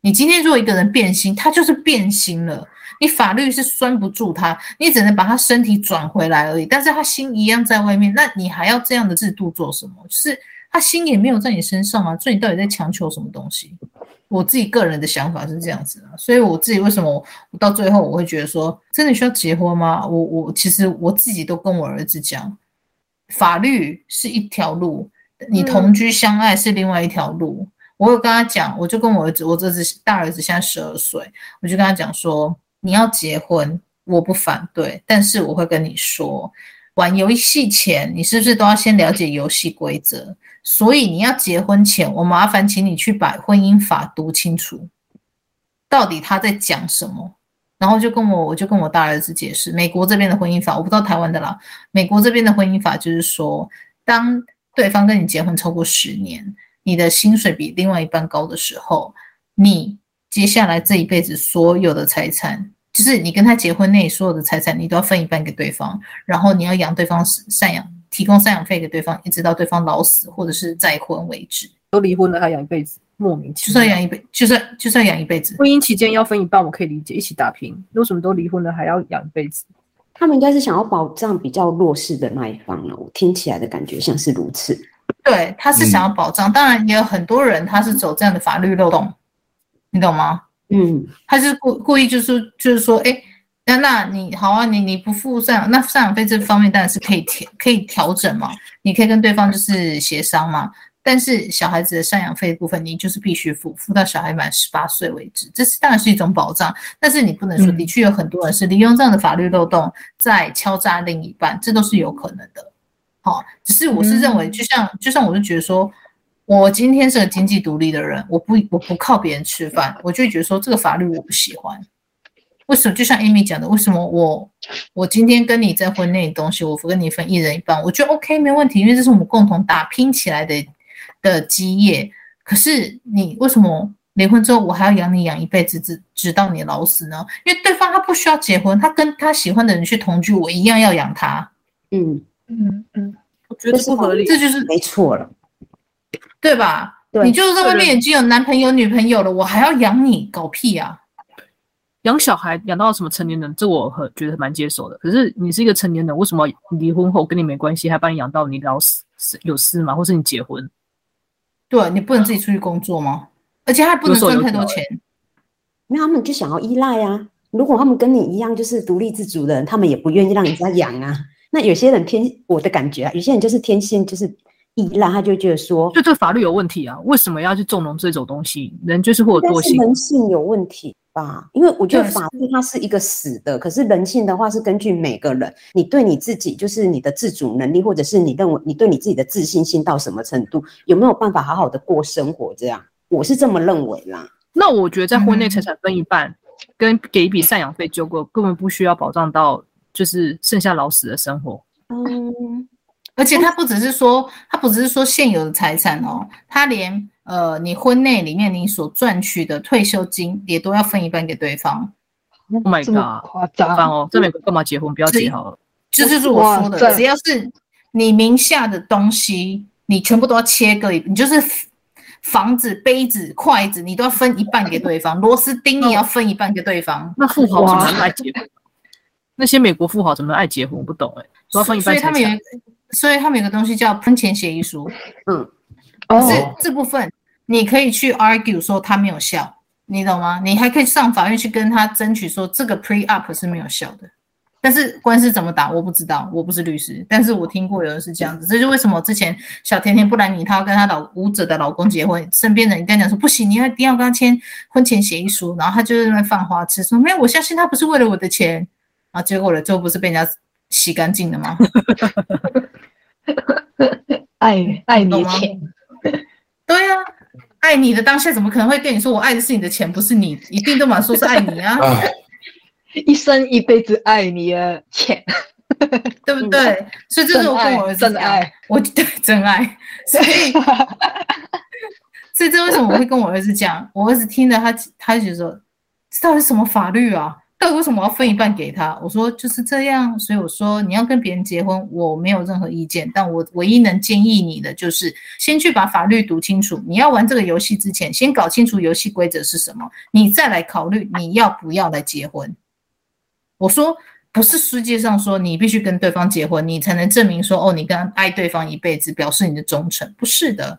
C: 你今天如果一個人變心，他就是變心了，你法律是拴不住他，你只能把他身體轉回來而已，但是他心一樣在外面，那你還要這樣的制度做什麼？就是他心也沒有在你身上嗎、啊？所以你到底在強求什麼東西？我自己個人的想法是這樣子的，所以我自己為什麼我到最後我會覺得說，真的需要結婚嗎？我我其實我自己都跟我兒子講，法律是一條路，
A: 你同居
C: 相愛是另外一條路。嗯、我有跟他講，我就跟我兒子，我這是大兒子，現在十二歲，我就跟他講說，你要結婚，我不反對，但是我會跟你說，玩遊戲前，你是不是都要先了解遊戲規則？所以你要結婚前，我麻煩請你去把婚姻法讀清楚，到底他在講什麼。然後就跟我，我就跟我大兒子解釋，美國這邊的婚姻法，我不知道台灣的啦。美國這邊的婚姻法就是說，當對方跟你結婚超過十年，你的薪水比另外一半高的時候，你接下來這一輩子所有的財產，就是你跟他結婚內所有的財產，你都要分一半給對方，然後你要養對方贍養。提供贍養費給對方，一直到對方老死或者是再婚為止。都離婚了還養一輩子，莫名其妙。就算養一輩，就算就算養一輩子。婚姻期間要分一半，我可以理
D: 解，一起打拼。為什麼都離婚了還要養一輩子？他們應該是想要保障比較弱勢的那一方了。我聽起來的感覺像是如此。
C: 對，他是想要保障、嗯。當然也有很多人他是走這樣的法律漏洞，你懂嗎？嗯，他是故故意就是，就是就是說，哎、欸。那、啊、那你好啊，你你不付贍養，那贍養費這方面當然是可以調可以調整嘛，你可以跟對方就是協商嘛。但是小孩子的贍養費的部分，你就是必須付，付到小孩滿十八歲為止，這是當然是一種保障。但是你不能說，嗯、的確有很多人是利用這樣的法律漏洞在敲詐另一半，這都是有可能的。好、哦，只是我是認為，就像、嗯、就像我就覺得說，我今天是個經濟獨立的人，我不我不靠別人吃飯，我就覺得說這個法律我不喜歡。為什麼就像 Amy 講的，為什麼我我今天跟你在婚內的東西，我跟你分一人一半，我覺得 OK 沒問題，因為這是我們共同打拼起來的的基業。可是你為什麼離婚之後，我還要養你養一輩子，直直到你老死呢？因為對方他不需要結婚，他跟他喜歡的人去同居，我一樣要養他。嗯嗯嗯，我
D: 覺得不合理，這就是沒錯
C: 了，對吧？對？你就是在外面已經有男朋友女朋友了，了我還要養你，搞屁啊！
B: 養小孩養到什麼成年人，這我很覺得蠻接受的。可是你是一個成年人，為什麼離婚後跟你沒關係，還幫你養到你老死死有事嗎？或是你結婚？
C: 對、啊，你不能自己出去工作嗎？啊、而且他還不能賺太多錢，
D: 那他們就想要依賴啊。如果他們跟你一樣就是獨立自主的人，他們也不願意讓人家養啊。 [laughs] 那有些人天我的感覺啊，有些人就是天性就是依賴，他就覺得說，就
B: 這個法律有問題啊，為什麼要去縱容這種東西？人就是會有多心人
D: 性有問題吧，因為我覺得法律它是一個死的，可是人性的話是根據每個人，你對你自己就是你的自主能力，或者是你認為你對你自己的自信心到什麼程度，有沒有辦法好好的過生活？這樣，我是這麼認為啦。
B: 那我覺得在婚內財產分一半，嗯、跟
C: 給一筆贍養費就夠，根本不需要保障到就是剩下老死的生活。嗯，而且他不只是說，他不只是說現有的財產哦，他連。呃，你婚內裡面你所賺取的退休金也都要分一半給對方。Oh my god！誇張哦，
B: 在美國幹嘛結婚？不要結好
C: 了。就這是我說的，只要是你名下的東西，你全部都要切割一，你就是房子、杯子、筷子，你都要分一半給對方。螺絲釘也要分一半給對方。那富豪為什麼愛結婚？
B: [laughs] 那些美國富豪怎麼愛結婚？我不懂哎、欸。只要分一半錢。所以他們
C: 有，所以他們有個東西叫婚前協議書。嗯。是這部分你可以去 argue 說他沒有效，你懂嗎？你還可以上法院去跟他爭取說這個 pre up 是沒有效的。但是官司怎麼打我不知道，我不是律師。但是我聽過有人是這樣子，這就是為什麼之前小甜甜布蘭妮，她要跟她老舞者的老公結婚，身邊的人跟她講說不行，你要一定要跟他簽婚前協議書。然後她就在那犯花痴說，沒有，我相信他不是為了我的錢。然、啊、後結果了之後不是被人家洗乾淨了嗎？ [laughs] 愛愛你嗎。 [laughs] 愛你的當下，怎麼可能會對你說我愛的是你的錢，不是你？一定都嘛，說是愛你啊， [laughs] [laughs] [laughs] 一生一輩子愛你啊，錢， [laughs] [laughs] 對不對？
B: 所以這是我跟我兒子的
C: 愛，我對真愛，真愛 [laughs] 所以，所以這為什麼我會跟我兒子講？ [laughs] 我兒子聽了他，他他就說，這到底什麼法律啊？為什麼要分一半給他？我說就是這樣，所以我說你要跟別人結婚，我沒有任何意見。但我唯一能建議你的就是，先去把法律讀清楚。你要玩這個遊戲之前，先搞清楚遊戲規則是什麼，你再來考慮你要不要來結婚。我說不是世界上說你必須跟對方結婚，你才能證明說哦，你跟愛對方一輩子，表示你的忠誠。不是的，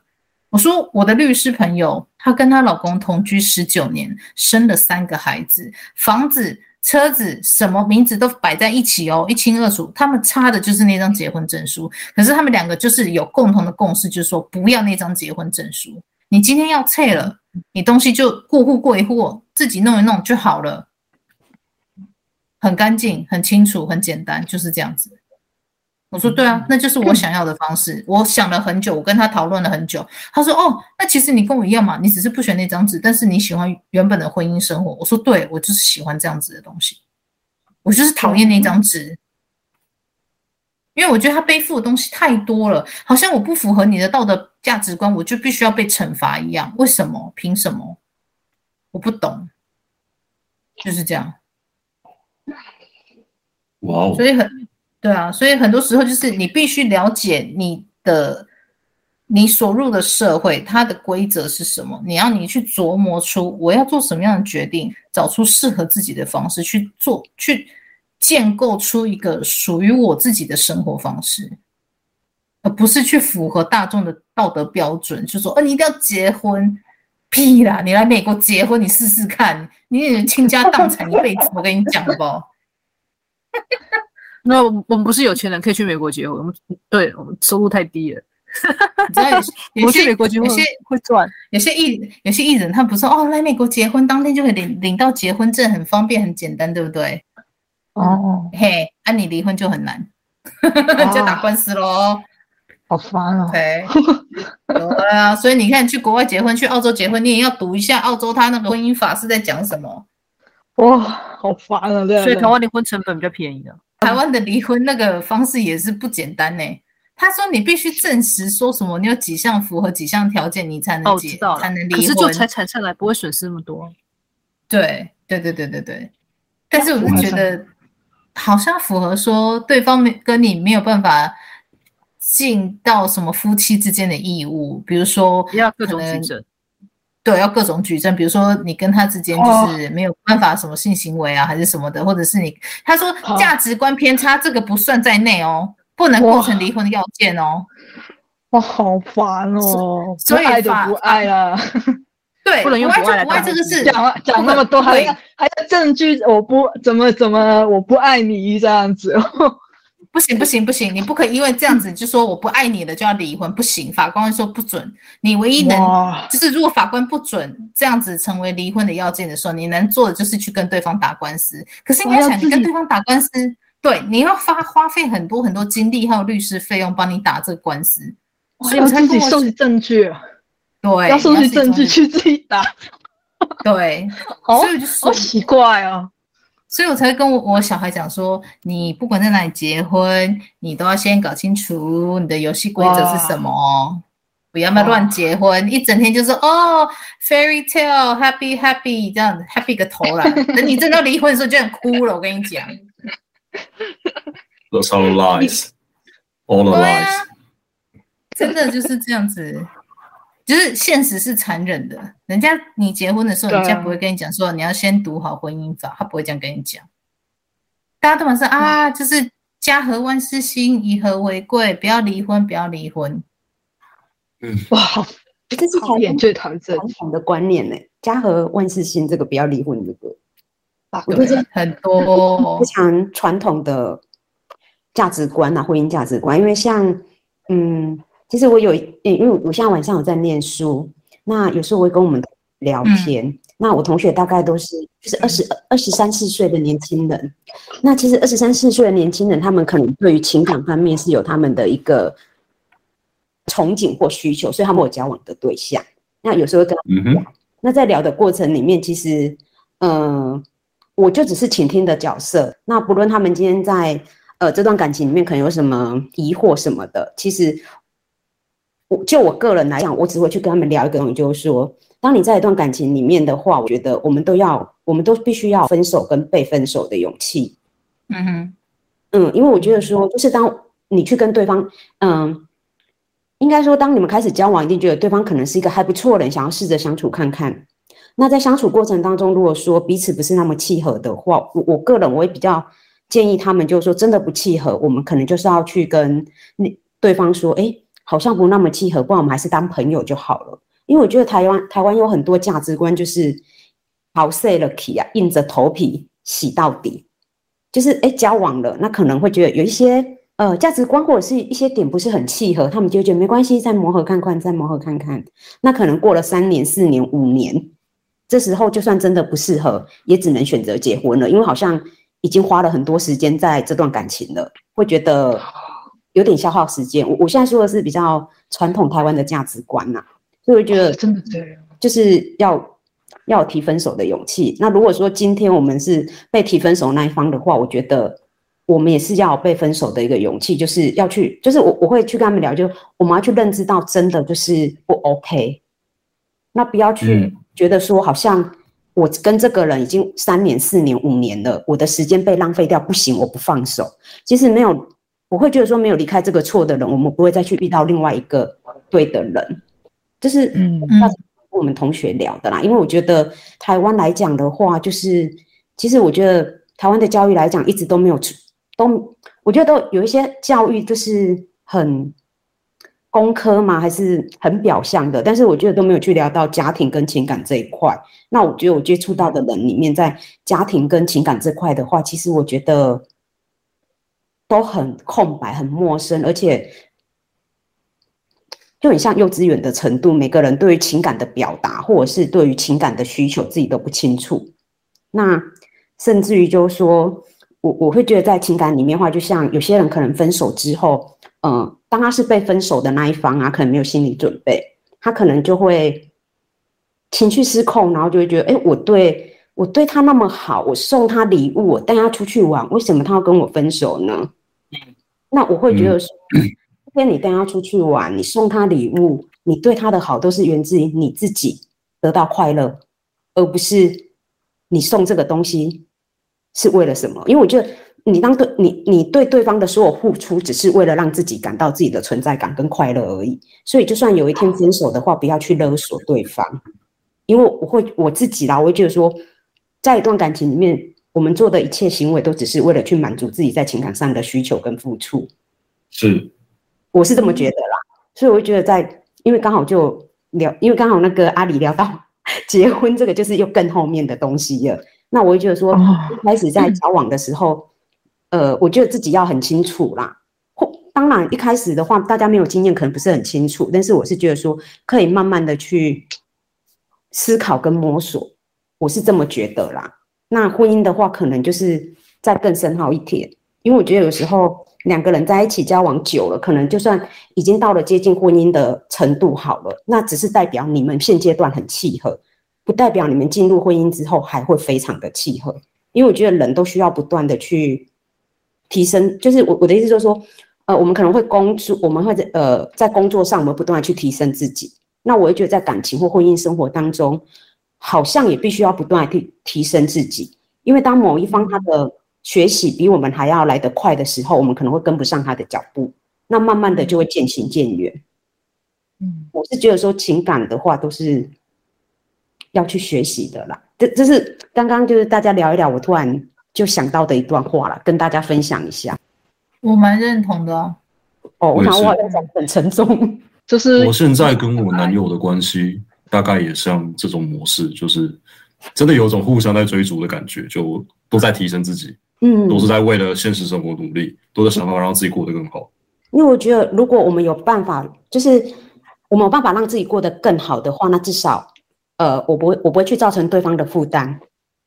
C: 我說我的律師朋友，她跟她老公同居十九年，生了三個孩子，房子。車子什麼名字都擺在一起哦，一清二楚。他們差的就是那張結婚證書，可是他們兩個就是有共同的共識，就是說不要那張結婚證書。你今天要撤了，你東西就過戶過一戶，自己弄一弄就好了，很乾淨、很清楚、很簡單，就是這樣子。我說對啊，那就是我想要的方式。嗯。我想了很久，我跟他討論了很久。他說：“哦，那其實你跟我一樣嘛，你只是不選那張紙，但是你喜歡原本的婚姻生活。”我說：“對，我就是喜歡這樣子的東西，我就是討厭那張紙。嗯。因為我覺得他背負的東西太多了，好像我不符合你的道德價值觀，我就必須要被懲罰一樣。為什麼？憑什麼？我不懂，就是這樣。
D: 哇哦，所
C: 以很。”對啊，所以很多時候就是你必須了解你的你所入的社會，它的規則是什麼？你要你去琢磨出我要做什麼樣的決定，找出適合自己的方式去做，去建構出一個屬於我自己的生活方式，而不是去符合大眾的道德標準。就說，呃，你一定要結婚？屁啦！你來美國結婚，你試試看，你得傾家蕩產一輩子。我跟你講好 [laughs] 不好？
B: 那我們不是有錢人，可以去美國結婚。對，我們收入太低了。 [laughs] 你有，有些，有些，有些，有些不、哦、美國結
C: 婚，有些會賺，藝人他不是哦，來美國結婚當天就可以領到結婚證，很方便，很簡單，對不對？哦，嗯、嘿，按、啊、你離婚就很難，啊、 [laughs] 就打官司咯，好煩、哦 okay. [laughs] 啊。對，所以你看，去國外結婚，去澳洲結婚，你也要讀一下澳洲它那個婚姻法是在講什麼。哇、哦，好煩啊！對啊對啊，所以台灣
B: 離婚成本比較便宜啊。
C: 台灣的離婚那個方式也是不簡單呢、欸。他說你必須證實說什麼，你有幾項符合幾項條件，你才能結、哦，才能離婚。可是才，才才財來不會損失那麼多。對對對對對對、啊，但是我是覺得好像符合說對方沒跟你沒有辦法盡到什麼夫妻之間的義務，比如說要各種憑證。對，要各種舉證，比如說你跟他之間就是沒有辦法什麼性行為啊，哦、還是什麼的，或者是你他說價值觀偏差、哦，這個不算在內哦，不能構成離婚的要件哦。哇。哇，好煩哦，所以不愛
B: 就不愛了。 [laughs] 對，不能用不愛這個事講 [laughs] 講、就是、講、講、講那麼多還，還要還要證據，
C: 我不怎麼怎麼，我不愛你這樣子哦。呵呵不行不行不行！你不可以因為這樣子就說我不愛你了就要離婚，不行，法官會說不准。你唯一能就是，如果法官不准這樣子成為離婚的要件的時候，你能做的就是去跟對方打官司。可是你要想，你跟對方打官司，對，你要發花花費很多很多精力還有律師費用幫你打這個官司。我要自己你才收集
B: 證據。對，要收集證據
C: 去自己打。對， [laughs] 所以就好奇怪啊。所以我才會跟我我小孩講說，你不管在哪裡結婚，你都要先搞清楚你的遊戲規則是什麼，不要那麼亂結婚。一整天就是哦，fairy tale happy happy 這樣子 happy 個頭啦， [laughs] 等你真到離婚的時候，居然哭了。我跟你講
A: ，like，all
C: the lies，真的就是這樣子。 [laughs] 就是現實是殘忍的，人家你結婚的時候，人、啊、家不會跟你講說你要先讀好婚姻法，他不會這樣跟你講。大家都說、嗯、啊，就是家和萬事興，以和為貴，不要離婚，不要離婚。嗯，哇，這是有點
D: 最傳統的觀念呢。家和萬事興這個不要離婚這個，有、啊就是、很多非常傳統的價值觀啊，婚姻價值觀，因為像嗯。其實我有，因為我現在晚上有在念書，那有時候我會跟我們聊天。嗯、那我同學大概都是就是二十二、二十三、四歲的年輕人。那其實二十三、四歲的年輕人，他們可能對於情感方面是有他們的一個憧憬或需求，所以他們有交往的對象。那有時候會跟他聊、嗯、
B: 哼
D: 那在聊的過程裡面，其實，嗯、呃，我就只是傾聽的角色。那不論他們今天在呃這段感情裡面可能有什麼疑惑什麼的，其實。就我個人來講，我只會去跟他們聊一個我就是說，當你在一段感情裡面的話，我覺得我們都要，我們都必須要分手跟被分手的勇氣。嗯
B: 哼，
D: 嗯，因為我覺得說，就是當你去跟對方，嗯，應該說，當你們開始交往，一定覺得對方可能是一個還不錯的人，想要試着相處看看。那在相處過程當中，如果說彼此不是那麼契合的話，我，我個人我也比較建議他們，就是說，真的不契合，我們可能就是要去跟那對方說，哎、欸。好像不那麼契合，不然我們還是當朋友就好了。因為我覺得台灣台灣有很多價值觀，就是頭洗落去啊，硬着頭皮洗到底。就是哎，交往了，那可能會覺得有一些呃價值觀或者是一些點不是很契合，他們就覺得沒關係，再磨合看看，再磨合看看。那可能過了三年、四年、五年，這時候就算真的不適合，也只能選擇結婚了，因為好像已經花了很多時間在這段感情了，會覺得。有點消耗時間。我我現在說的是比較傳統台灣的價值觀吶，所以我覺得真的就是要要提分手的勇氣。那如果說今天我們是被提分手那一方的話，我覺得我們也是要被分手的一個勇氣，就是要去，就是我我會去跟他們聊，就我們要去認知到真的就是不 OK，那不要去覺得說好像我跟這個人已經三年、四年、五年了，我的時間被浪費掉，不行，我不放手。其實沒有。我會覺得說，沒有離開這個錯的人，我們不會再去遇到另外一個對的人。就是嗯，我們同學聊的啦、嗯嗯，因為我覺得台灣來講的話，就是其實我覺得台灣的教育來講，一直都沒有出都，我覺得都有一些教育就是很工科嘛，還是很表象的。但是我覺得都沒有去聊到家庭跟情感這一塊。那我覺得我接觸到的人裡面，在家庭跟情感這塊的話，其實我覺得。都很空白，很陌生，而且就很像幼稚園的程度。每個人對於情感的表達，或者是對於情感的需求，自己都不清楚。那甚至於就是說，我我會覺得在情感裡面的話，就像有些人可能分手之後，嗯、呃，當他是被分手的那一方啊，他可能沒有心理準備，他可能就會情緒失控，然後就會覺得，哎、欸，我對我對他那麼好，我送他禮物，我帶他出去玩，為什麼他要跟我分手呢？那我會覺得說，今天你帶他出去玩，你送他禮物，你對他的好都是源自於你自己得到快樂，而不是你送這個東西是為了什麼？因為我覺得你當對你你對對方的所有付出，只是為了讓自己感到自己的存在感跟快樂而已。所以就算有一天分手的話，不要去勒索對方，因為我會我自己啦，我會覺得說，在一段感情裡面。我們做的一切行為都只是為了去滿足自己在情感上的需求跟付出，
A: 是，
D: 我是這麼覺得啦。所以我就覺得在，因為剛好就聊，因為剛好那個阿璃聊到結婚這個，就是又更後面的東西了。那我就覺得說，開始在交往的時候，呃，我覺得自己要很清楚啦。或當然，一開始的話，大家沒有經驗，可能不是很清楚。但是我是覺得說，可以慢慢的去思考跟摸索。我是這麼覺得啦。那婚姻的話，可能就是再更深奧一點，因為我覺得有時候兩個人在一起交往久了，可能就算已經到了接近婚姻的程度好了，那只是代表你們現階段很契合，不代表你們進入婚姻之後還會非常的契合。因為我覺得人都需要不斷的去提升，就是我我的意思就是說，呃，我們可能會工作，我們會呃在工作上我們不斷的去提升自己。那我也覺得在感情或婚姻生活當中，好像也必須要不斷去提升自己，因為當某一方他的學習比我們還要來得快的時候，我們可能會跟不上他的腳步，那慢慢的就會漸行漸遠。嗯，我是覺得說情感的話都是要去學習的啦。這這是剛剛就是大家聊一聊，我突然就想到的一段話了，跟大家分享一下。
C: 我蠻認同的、啊。
A: 哦，我哪句
D: 話很沉重？就是我
A: 現在跟我男友的關係。 [laughs] 大概也像這種模式，就是真的有種互相在追逐的感覺，就都在提升自己，嗯，都是在為了現實生活努力，都在想辦法讓自己過得更好。
D: 因為我覺得，如果我們有辦法，就是我們有辦法讓自己過得更好的話，那至少，呃，我不會，我不會去造成對方的負擔。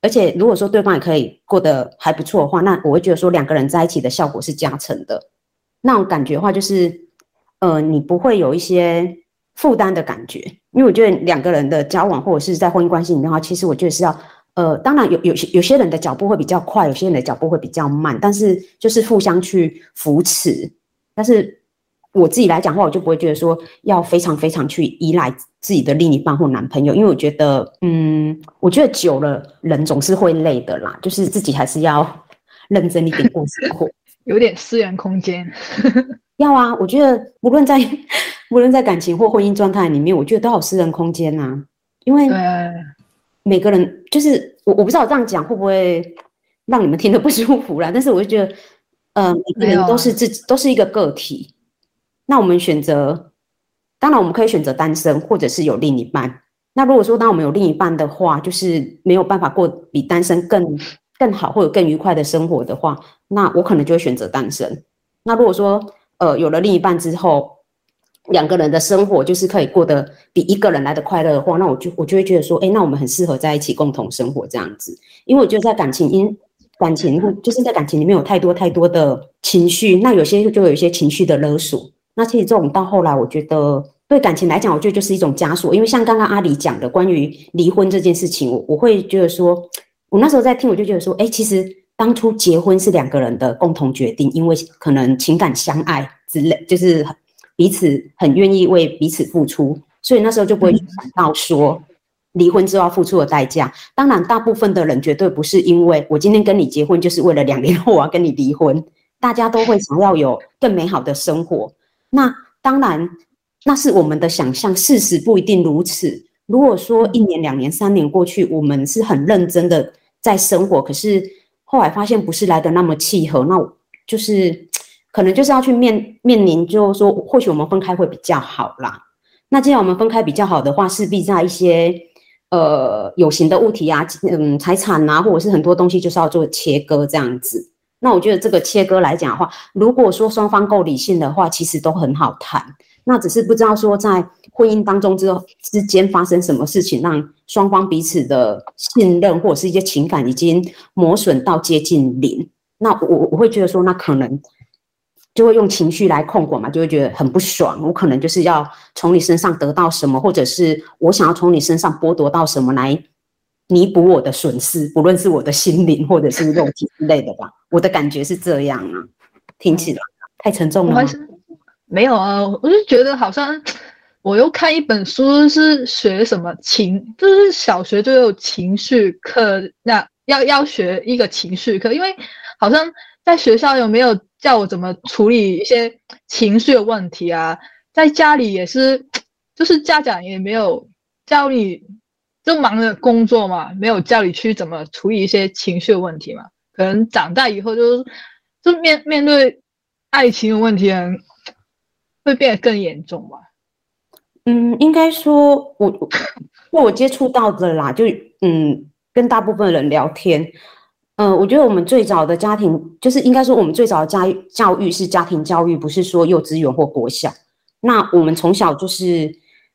D: 而且，如果說對方也可以過得還不錯的話，那我會覺得說兩個人在一起的效果是加成的。那種感覺的話，就是，呃，你不會有一些負擔的感覺，因為我覺得，兩個人的交往或者是在婚姻關係裡面的話，其實我覺得是要，呃，當然有有些有些人的腳步會比較快，有些人的腳步會比較慢，但是就是互相去扶持。但是我自己來講的話，我就不會覺得說要非常非常去依賴自己的另一半或男朋友，因為我覺得，嗯，我覺得久了人總是會累的啦，就是自己還是要認真一點過生活，
B: [laughs] 有點私人空間。 [laughs]
D: 要啊，我覺得無論在無論在感情或婚姻狀態裡面，我覺得都有私人空間吶、啊。因為每個人就是我，我不知道這樣講會不會讓你們聽得不舒服啦。但是我就覺得，呃，每個人都是自己、啊，都是一個個體。那我們選擇，當然我們可以選擇單身，或者是有另一半。那如果說，當我們有另一半的話，就是沒有辦法過比單身更更好，或者更愉快的生活的話，那我可能就會選擇單身。那如果說呃，有了另一半之後，兩個人的生活就是可以過得比一個人來得快樂的話，那我就我就會覺得說，欸，那我們很適合在一起共同生活這樣子。因為我覺得在感情因感情就是在感情裡面有太多太多的情緒，那有些就有一些情緒的勒索。那其實這種到後來，我覺得對感情來講，我覺得就是一種枷鎖。因為像剛剛阿璃講的關於離婚這件事情，我我會覺得說，我那時候在聽，我就覺得說，欸，其實。當初結婚是兩個人的共同決定，因為可能情感相愛之類，就是彼此很願意為彼此付出，所以那時候就不會想到說離婚之後要付出的代價。當然，大部分的人絕對不是因為我今天跟你結婚，就是為了兩年後我要跟你離婚。大家都會想要有更美好的生活。那當然，那是我們的想象，事實不一定如此。如果說一年、兩年、三年過去，我們是很認真的在生活，可是。後來發現不是來得那麼契合，那我就是可能就是要去面面臨，就是說或許我們分開會比較好啦。那既然我們分開比較好的話，勢必在一些呃有形的物體啊，嗯財產啊，或者是很多東西，就是要做切割這樣子。那我覺得這個切割來講的話，如果說雙方夠理性的話，其實都很好談。那只是不知道說，在婚姻當中之後之間發生什麼事情，讓雙方彼此的信任或者是一些情感已經磨損到接近零。那我我會覺得說，那可能就會用情緒來控管嘛，就會覺得很不爽。我可能就是要從你身上得到什麼，或者是我想要從你身上剝奪到什麼來彌補我的損失，不論是我的心靈或者是肉體之類的吧。 [laughs] 我的感覺是這樣啊，聽起來太沉重了嗎？
B: 沒有啊，我就覺得好像我又看一本書是學什麼情，就是小學就有情緒課，那要要學一個情緒課，因為好像在學校有沒有教我怎麼處理一些情緒的問題啊？在家裡也是，就是家長也沒有教你，就忙着工作嘛，沒有教你去怎麼處理一些情緒的問題嘛？可能長大以後就是就面面對愛情的問題很。會變得更嚴重
D: 嗎？嗯，應該說我，我我我接觸到的啦， [laughs] 就嗯，跟大部分人聊天，嗯、呃，我覺得我們最早的家庭，就是應該說我們最早的家教育是家庭教育，不是說幼稚園或國小。那我們從小就是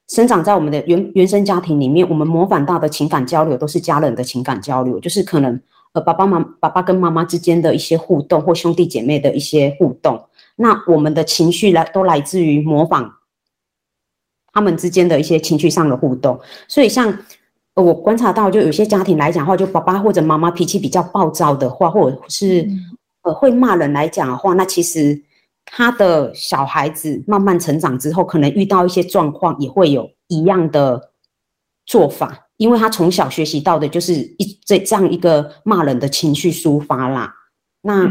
D: 生長在我們的原原生家庭裡面，我們模仿到的情感交流都是家人的情感交流，就是可能呃，爸爸媽媽爸爸跟媽媽之間的一些互動，或兄弟姐妹的一些互動。那我們的情緒來都來自於模仿他們之間的一些情緒上的互動，所以像我觀察到，就有些家庭來講的話，就爸爸或者媽媽脾氣比較暴躁的話，或者是呃會罵人來講的話，那其實他的小孩子慢慢成長之後，可能遇到一些狀況也會有一樣的做法，因為他從小學習到的就是一這這樣一個罵人的情緒抒發啦。那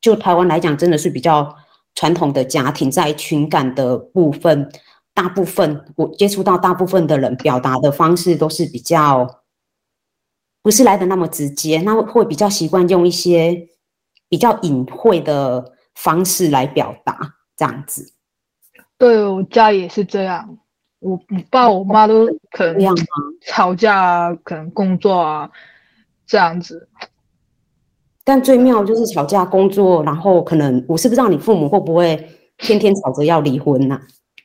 D: 就台灣來講，真的是比較。傳統的家庭在情感的部分，大部分我接觸到大部分的人表達的方式都是比較，不是來的那麼直接，那會比較習慣用一些比較隱晦的方式來表達這樣子。
B: 對，我家也是這樣，我我爸我媽都可能這樣吵架啊，可能工作啊這樣子。
D: 但最妙就是吵架、工作，然後可能我是不知道你父母會不會天天吵着要離婚吶、啊？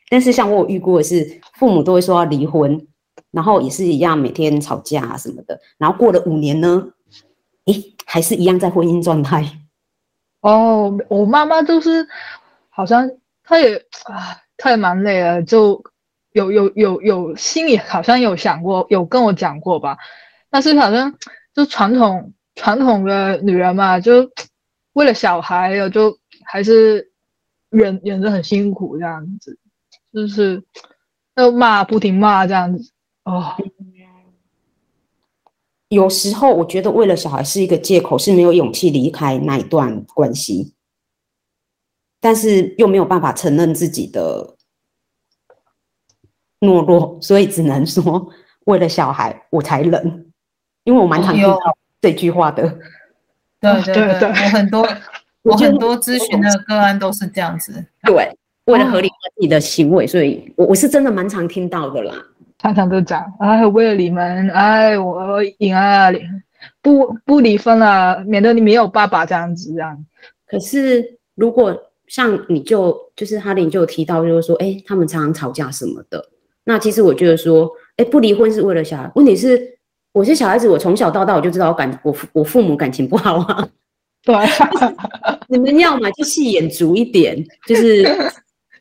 D: 但是像我有遇過的是，父母都會說要離婚，然後也是一樣每天吵架、啊、什麼的。然後過了五年呢，咦，還是一樣在婚姻狀態。哦，我媽媽就是，好像
B: 她也啊，她也蠻累了，就有有有有心裡好像有想過，有跟我講過吧，但是好像就傳統。傳統的女人嘛，就為了小孩，就還是忍忍着很辛苦這樣子，就是呃罵不停罵這樣子哦。
D: 有時候我覺得為了小孩是一個借口，是沒有勇氣離開那一段關係，但是又沒有辦法承認自己的懦弱，所以只能說為了小孩我才忍，因為我蠻疼。哎這句話的，對對
C: 對，對，我很多 [laughs] 我，就是，
D: 我很多諮詢的個案都是這樣子。對，為了合理你的行為，哦，所以我我是真的蠻常聽到的啦，常常都講，
B: 哎，為了你們，哎，我忍啊，不不離婚了，免得
D: 你沒有爸爸這樣子這、啊、樣。可是如果像你就就是哈林就提到，就是說，哎，他們常常吵架什麼的，那其實我覺得說，哎，不離婚是為了小孩，問題是。我是小孩子，我從小到大我就知道我感我父我父母感情不好啊。對， [laughs] 你們要嘛就戲演足一點，就是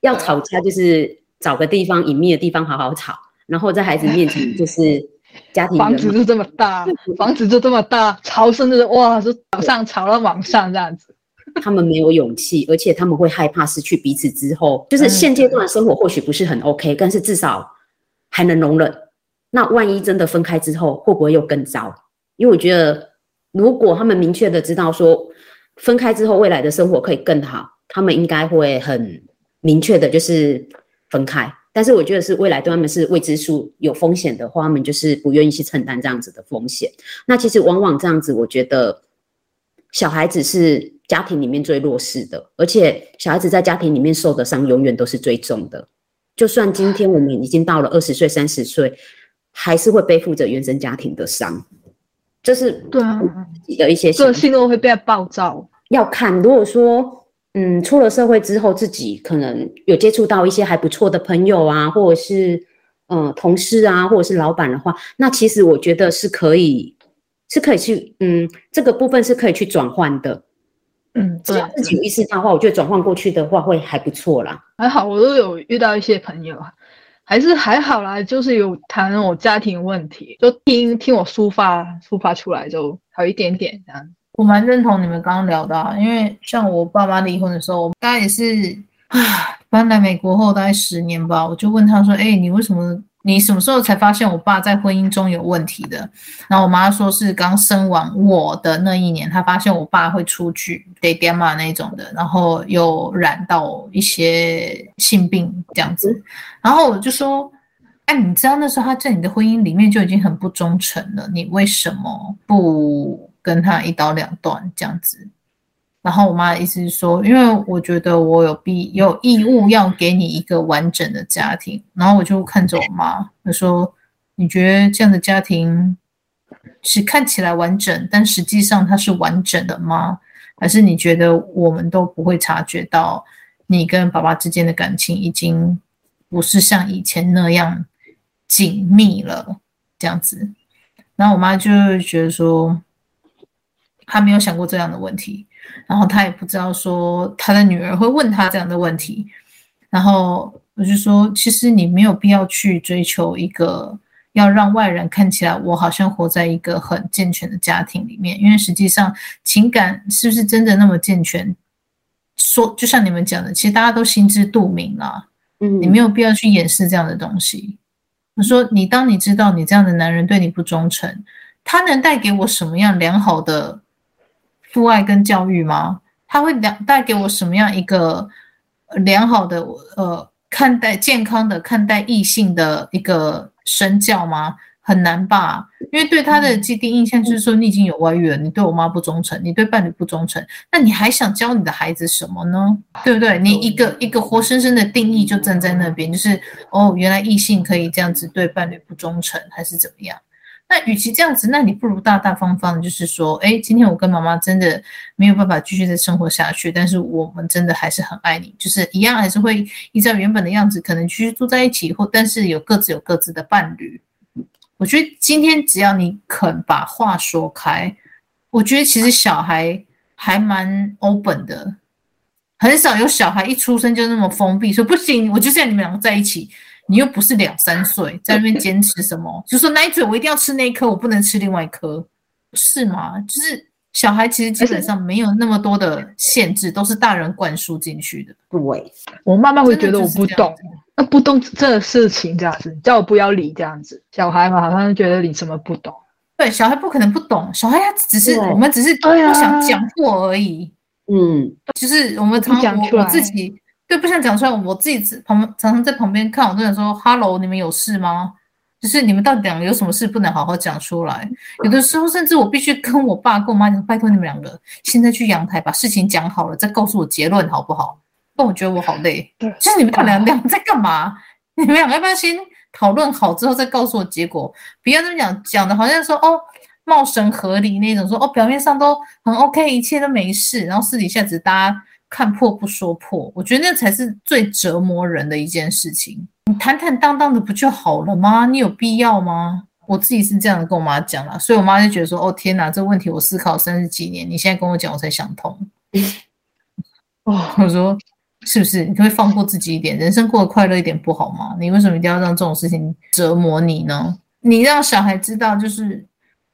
D: 要吵架就是找個地方隱秘的地方好好吵，然後在孩子面前就是家庭房子就
B: 這麼大，房子就這麼大，吵聲就是哇是早上吵到晚上這樣子。
D: [laughs] 他們沒有勇氣，而且他們會害怕失去彼此之後，就是現階段的生活或許不是很 OK，、嗯、但是至少還能容忍。那萬一真的分開之後，會不會又更糟？因為我覺得，如果他們明確的知道說分開之後未來的生活可以更好，他們應該會很明確的，就是分開。但是我覺得是未來對他們是未知數，有風險的話，他們就是不願意去承擔這樣子的風險。那其實往往這樣子，我覺得小孩子是家庭裡面最弱勢的，而且小孩子在家庭裡面受的傷永遠都是最重的。就算今天我們已經到了二十歲、三十歲，還是會背負着原生家庭的傷，這是
B: 對
D: 啊，有一些個性都
B: 會比較暴躁。
D: 要看如果說嗯，出了社會之後，自己可能有接觸到一些還不錯的朋友啊，或者是嗯，同事啊，或者是老闆的話，那其實我覺得是可以，是可以去嗯，這個部分是可以去轉換的。
B: 嗯，只要、啊、自己有意識
D: 到的話，我覺得轉換過去的話會還不錯啦。
B: 還好我都有遇到一些朋友。還是還好啦，就是有談我家庭問題，就聽聽我抒發抒發出來就好一點點這樣。
C: 我蠻認同你們剛剛聊的啊，因為像我爸媽離婚的時候，我大概也是啊搬來美國後大概十年吧，我就問他說：“哎，你為什麼？”你什麼時候才發現我爸在婚姻中有問題的？然後我媽說是剛生完我的那一年，她發現我爸會出去，得 g a 那種的，然後又染到一些性病這樣子。然後我就說，哎，你知道那時候他在你的婚姻裡面就已經很不忠誠了，你為什麼不跟他一刀兩斷這樣子？然後我媽的意思是說，因為我覺得我有必有義務要給你一個完整的家庭，然後我就看着我媽我說：“你覺得這樣的家庭是看起來完整，但實際上它是完整的嗎？還是你覺得我們都不會察覺到你跟爸爸之間的感情已經不是像以前那樣緊密了？這樣子？”然後我媽就覺得說：“她沒有想過這樣的問題。”然後他也不知道說他的女兒會問他這樣的問題，然後我就說，其實你沒有必要去追求一個要讓外人看起來我好像活在一個很健全的家庭裡面，因為實際上情感是不是真的那麼健全？說就像你們講的，其實大家都心知肚明啦，嗯，你沒有必要去掩飾這樣的東西。我說，你當你知道你這樣的男人對你不忠誠，他能帶給我什麼樣良好的？父愛跟教育嗎？他會良帶給我什麼樣一個良好的呃看待健康的看待異性的一個身教嗎？很難吧，啊，因為對他的既定印象就是說你已經有外遇了，你對我媽不忠誠，你對伴侶不忠誠，那你還想教你的孩子什麼呢？對不對？你一個一個活生生的定義就站在那邊，就是哦，原來異性可以這樣子對伴侶不忠誠，還是怎麼樣？那與其這樣子，那你不如大大方方的就是說，哎、欸，今天我跟媽媽真的沒有辦法繼續再生活下去，但是我們真的還是很愛你，就是一樣還是會依照原本的樣子，可能繼續住在一起，或但是有各自有各自的伴侶。我覺得今天只要你肯把話說開，我覺得其實小孩還蠻 open 的，很少有小孩一出生就那麼封閉，說不行，我就要你們兩個在一起。你又不是兩三歲，在那邊堅持什麼？ [laughs] 就是說奶嘴，我一定要吃那一顆，我不能吃另外一顆，是嗎？就是小孩其實基本上沒有那麼多的限制，是都是大人灌輸進去的。對，我媽媽
B: 會覺得我不懂，那、啊、不懂這事情這樣子，叫我不要理這樣子。小孩嘛，好
C: 像覺得你什麼不懂。對，小孩不可能不懂，小孩他只是、哦、我們只是不想講過而已。啊、嗯，就是我們常我、我、我自己。對，不想講出來。我自己在常常在旁邊看我，我都想說：“Hello，你們有事嗎？就是你們到底兩個有什麼事不能好好講出來？ [noise] 有的時候甚至我必須跟我爸過、跟我媽拜托你們兩個，現在去陽台把事情講好了，再告訴我結論好不好？不然我覺得我好累。 [noise] 就是你們到底兩個在幹嘛？你們兩個要不要先討論好之後再告訴我結果？不要這麼講，講的好像說哦，貌合神離那種。說哦，表面上都很 OK，一切都沒事，然後私底下只搭。”看破不說破，我覺得那才是最折磨人的一件事情。你坦坦蕩蕩的不就好了嗎？你有必要嗎？我自己是這樣跟我媽講啦，所以我媽就覺得說：“哦，天哪，這個問題我思考三十幾年，你現在跟我講，我才想通。”哦，我說是不是？你可，可以放過自己一點，人生過得快樂一點不好嗎？你為什麼一定要讓這種事情折磨你呢？你讓小孩知道，就是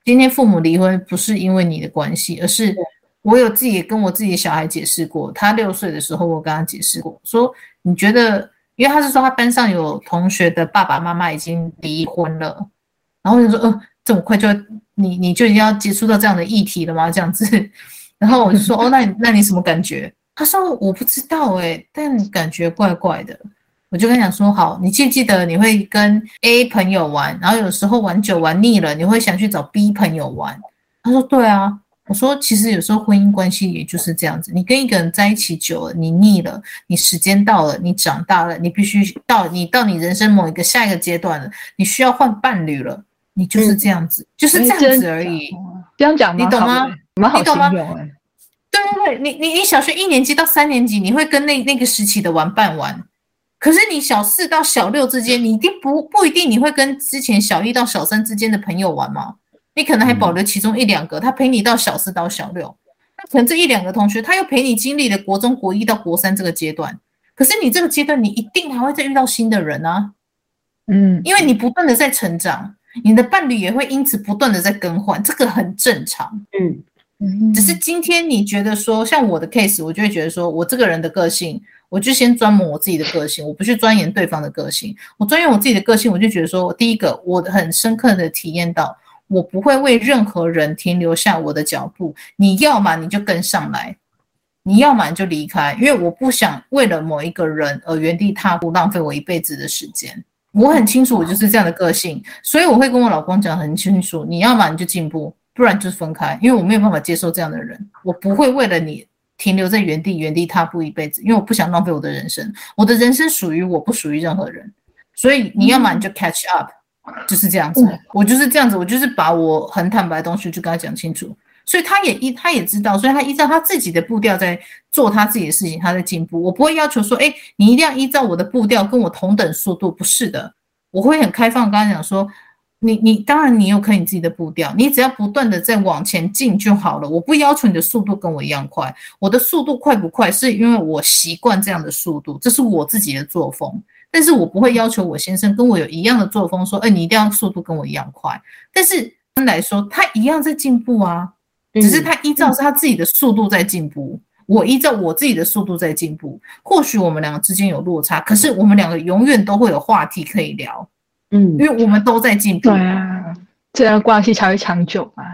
C: 今天父母離婚不是因為你的關係，而是……我有自己跟我自己的小孩解釋過，他六歲的時候，我跟他解釋過，說你覺得，因為他是說他班上有同學的爸爸媽媽已經離婚了，然後我就說，呃，這麼快就你你就已經要接觸到這樣的議題了嗎？這樣子，然後我就說，哦，那你那你什麼感覺？他說我不知道欸，但感覺怪怪的。我就跟他講說，好，你記不記得你會跟 A 朋友玩，然後有時候玩久玩膩了，你會想去找 B 朋友玩？他說對啊。我說，其實有時候婚姻關係也就是這樣子，你跟一個人在一起久了，你膩了，你時間到了，你長大了，你必須到你到你人生某一個下一個階段了，你需要換伴侶了，你就是這樣子，嗯、就是這樣子而已。嗯嗯、這樣講，你懂嗎、欸？你懂嗎？對對對，你你你小學一年級到三年級，你會跟那那個時期的玩伴玩，可是你小四到小六之間，你一定不不一定，你會跟之前小一到小三之間的朋友玩嗎？你可能還保留其中一兩個，他陪你到小四到小六，那可能這一兩個同學，他又陪你經歷了國中國一到國三這個階段。可是你這個階段，你一定還會再遇到新的人啊，嗯，因為你不斷的在成長，你的伴侶也會因此不斷的在更換，這個很正常。嗯，嗯只是今天你覺得說，像我的 case，我就會覺得說我這個人的個性，我就先琢磨我自己的個性，我不去鑽研對方的個性，我鑽研我自己的個性，我就覺得說我第一個，我很深刻的體驗到。我不會為任何人停留下我的腳步。你要麼你就跟上來，你要麼你就離開，因為我不想為了某一個人而原地踏步，浪費我一輩子的時間。我很清楚我就是這樣的個性，所以我會跟我老公講很清楚：你要麼你就進步，不然就分開，因為我沒有辦法接受這樣的人。我不會為了你停留在原地，原地踏步一輩子，因為我不想浪費我的人生。我的人生屬於我不，不屬於任何人。所以你要麼你就 catch up。就是這樣子，我就是這樣子，我就是把我很坦白的東西就跟他講清楚，所以他也依他也知道，所以他依照他自己的步調在做他自己的事情，他在進步。我不會要求說，哎，你一定要依照我的步調跟我同等速度，不是的，我會很開放，跟他講說，你你當然你有可以你自己的步調，你只要不斷的在往前進就好了，我不要求你的速度跟我一樣快，我的速度快不快是因為我習慣這樣的速度，這是我自己的作風。但是我不會要求我先生跟我有一樣的作風，說，哎、欸，你一定要速度跟我一樣快。但是來說，他一樣在進步啊、嗯，只是他依照是他自己的速度在進步、嗯，我依照我自己的速度在進步。或許我們兩個之間有落差、嗯，可是我們兩個永遠都會有話題可以聊，嗯，因為我們都在進步、啊嗯。對啊，這樣關係才會長久啊。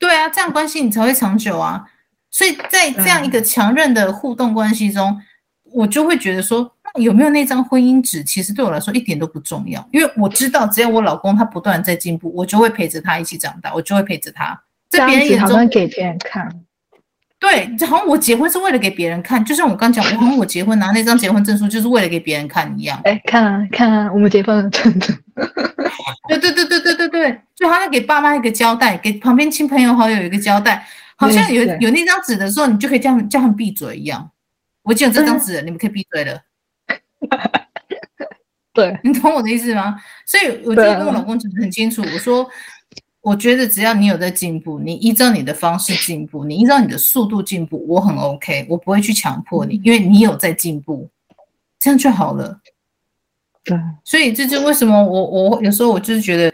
C: 對啊，這樣關係你才會長久啊。所以在這樣一個強韌的互動關係中，嗯、我就會覺得說。有沒有那張婚姻紙？其實對我來說一點都不重要，因為我知道，只要我老公他不斷在進步，我就會陪着他一起長大，我就會陪着他。在別人眼中這張紙好像
B: 給別人看。
C: 對，就好像我結婚是為了給別人看，就像我剛講，好像我結婚拿、啊、那張結婚證書就是為了給別人看一樣。哎，
B: 看啊看啊，我們結婚的
C: 證。 [laughs] 對對對對對對對，就好像給爸媽一個交代，給旁邊親朋友好友一個交代，好像有有那張紙的時候，你就可以這樣這樣閉嘴一樣。我已經有這張紙了，你們可以閉嘴了。哈 [laughs] 哈，對，你懂我的意思嗎？所以，我今天跟我老公講的很清楚，啊、我說，我覺得只要你有在進步，你依照你的方式進步，你依照你的速度進步，我很 OK，我不會去強迫你，因為你有在進步，這樣就好了。對，所以這就為什麼我我有時候我就是覺得，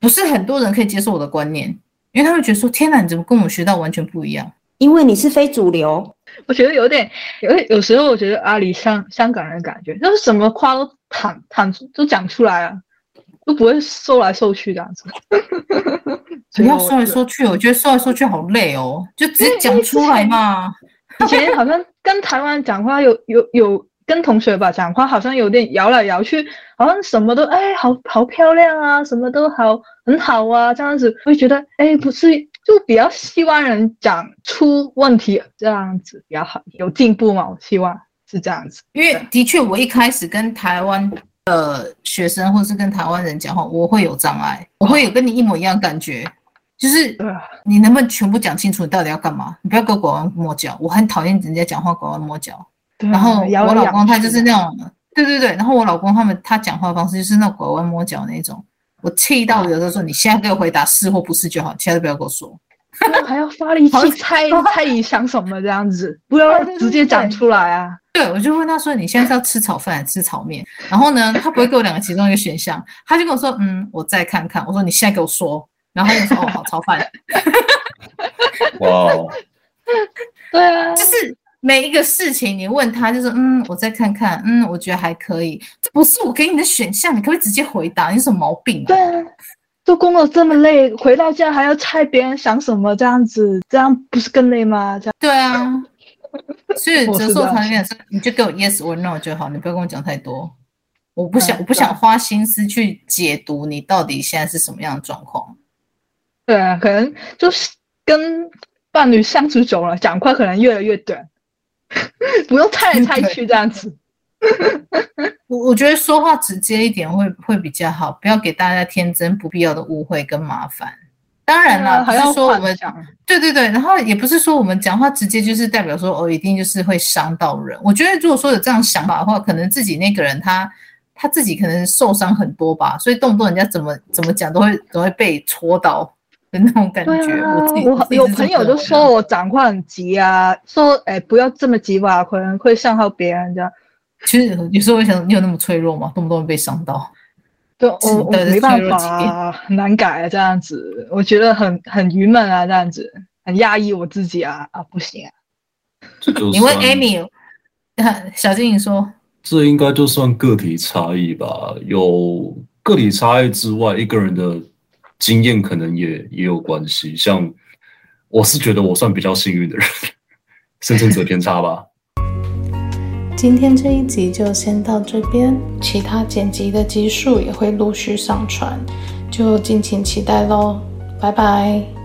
C: 不是很多人可以接受我的觀念，因為他們覺得說，天吶，你怎麼跟我們學到完全不一樣？因為你是非主流，我覺得有點有。有時候我覺得阿璃像香港
B: 人的感覺，就是什麼話都坦坦都講出來啊，都不會收來收去這樣子。
C: 不 [laughs] 要收來收去，我覺得收來收去好累哦，就直接
B: 講出來嘛。哎哎、 [laughs] 以前好像跟台灣講話有，有有有跟同學吧 [laughs] 講話，好像有點搖來搖去，好像什麼都哎好好漂亮啊，什麼都好很好啊，這樣子會覺得哎不是。就比較希望人講出問題這樣子比較好，有進步嘛？我希望是這樣子，因
C: 為的確我一開始跟台灣的學生或者是跟台灣人講話，我會有障礙，我會有跟你一模一樣的感覺，就是你能不能全部講清楚你到底要幹嘛？你不要跟拐彎抹角，我很討厭人家講話拐彎抹角。然後我老公他就是那種，對對對，然後我老公他們他講話的方式就是那種拐彎抹角那種。我氣到的有時候說，你現在給我回答是或不是就好，其他都不要跟我說。
B: [laughs] 還要發力氣猜
C: [laughs] 猜你想什麼這樣子，不要直接講出來啊 [laughs] 對。對，我就問他說，你現在是要吃炒飯還是吃炒麵？然後呢，他不會給我兩個其中一個選項，他就跟我說，嗯，我再看看。我說你現在給我說，然後他就說， [laughs] 哦，好，炒飯。哇 [laughs] Wow .， [laughs]
A: 對啊，
C: 就是。每一個事情你問他就是嗯，我再看看，嗯，我覺得還可以。這不是我給你的選項，你可不可以直接回答？你有什麼毛病啊？對啊，
B: 做工作這麼累，回到家還要猜別人想什麼，這樣子，這樣不是更累嗎？這樣對啊，
C: [laughs] 所以我是折壽還是？你就給我 yes or no 就好，你不要跟我講太多，我不想、嗯、我不想花心思去解讀你到底現在是什麼樣的狀況。
B: 對啊，可能就是跟伴侶相
C: 處久了，講話可能越來越短。 [laughs] 不用猜來猜去這樣子， [laughs] 我我覺得說話直接一點會會比較好，不要給大家天真不必要的誤會跟麻煩。當然了，好、嗯、是說我們對對對，然後也不是說我們講話直接就是代表說哦一定就是會傷到人。我覺得如果說有這樣想法的話，可能自己那個人他他自己可能受傷很多吧，所以動不動人家怎麼怎麼講都會都會被戳到。的那種感覺，啊、我自己我，自己我有朋友都說
B: 我講話很急啊，嗯、說哎、欸、不要這麼急吧，可能會傷到別人。這樣，
C: 其實你說為什麼你有那麼脆弱嗎？嗯、動不動會被傷到？
B: 對我，我沒辦法，很難改啊，這樣子，我覺得很很鬱悶啊，這樣子很壓抑我自己啊啊，不行啊！
A: 這就 [laughs] 你問 Amy，
B: [laughs] 小靜你說，
A: 這應該就算個體差異吧？有個體差異之外，一個人的。經驗可能也也有關係，像我是覺得我算比較幸運的人，生存者偏差吧。
C: 今天這一集就先到這邊，其他剪輯的集數也會陸續上傳，就敬請期待嘍，拜拜。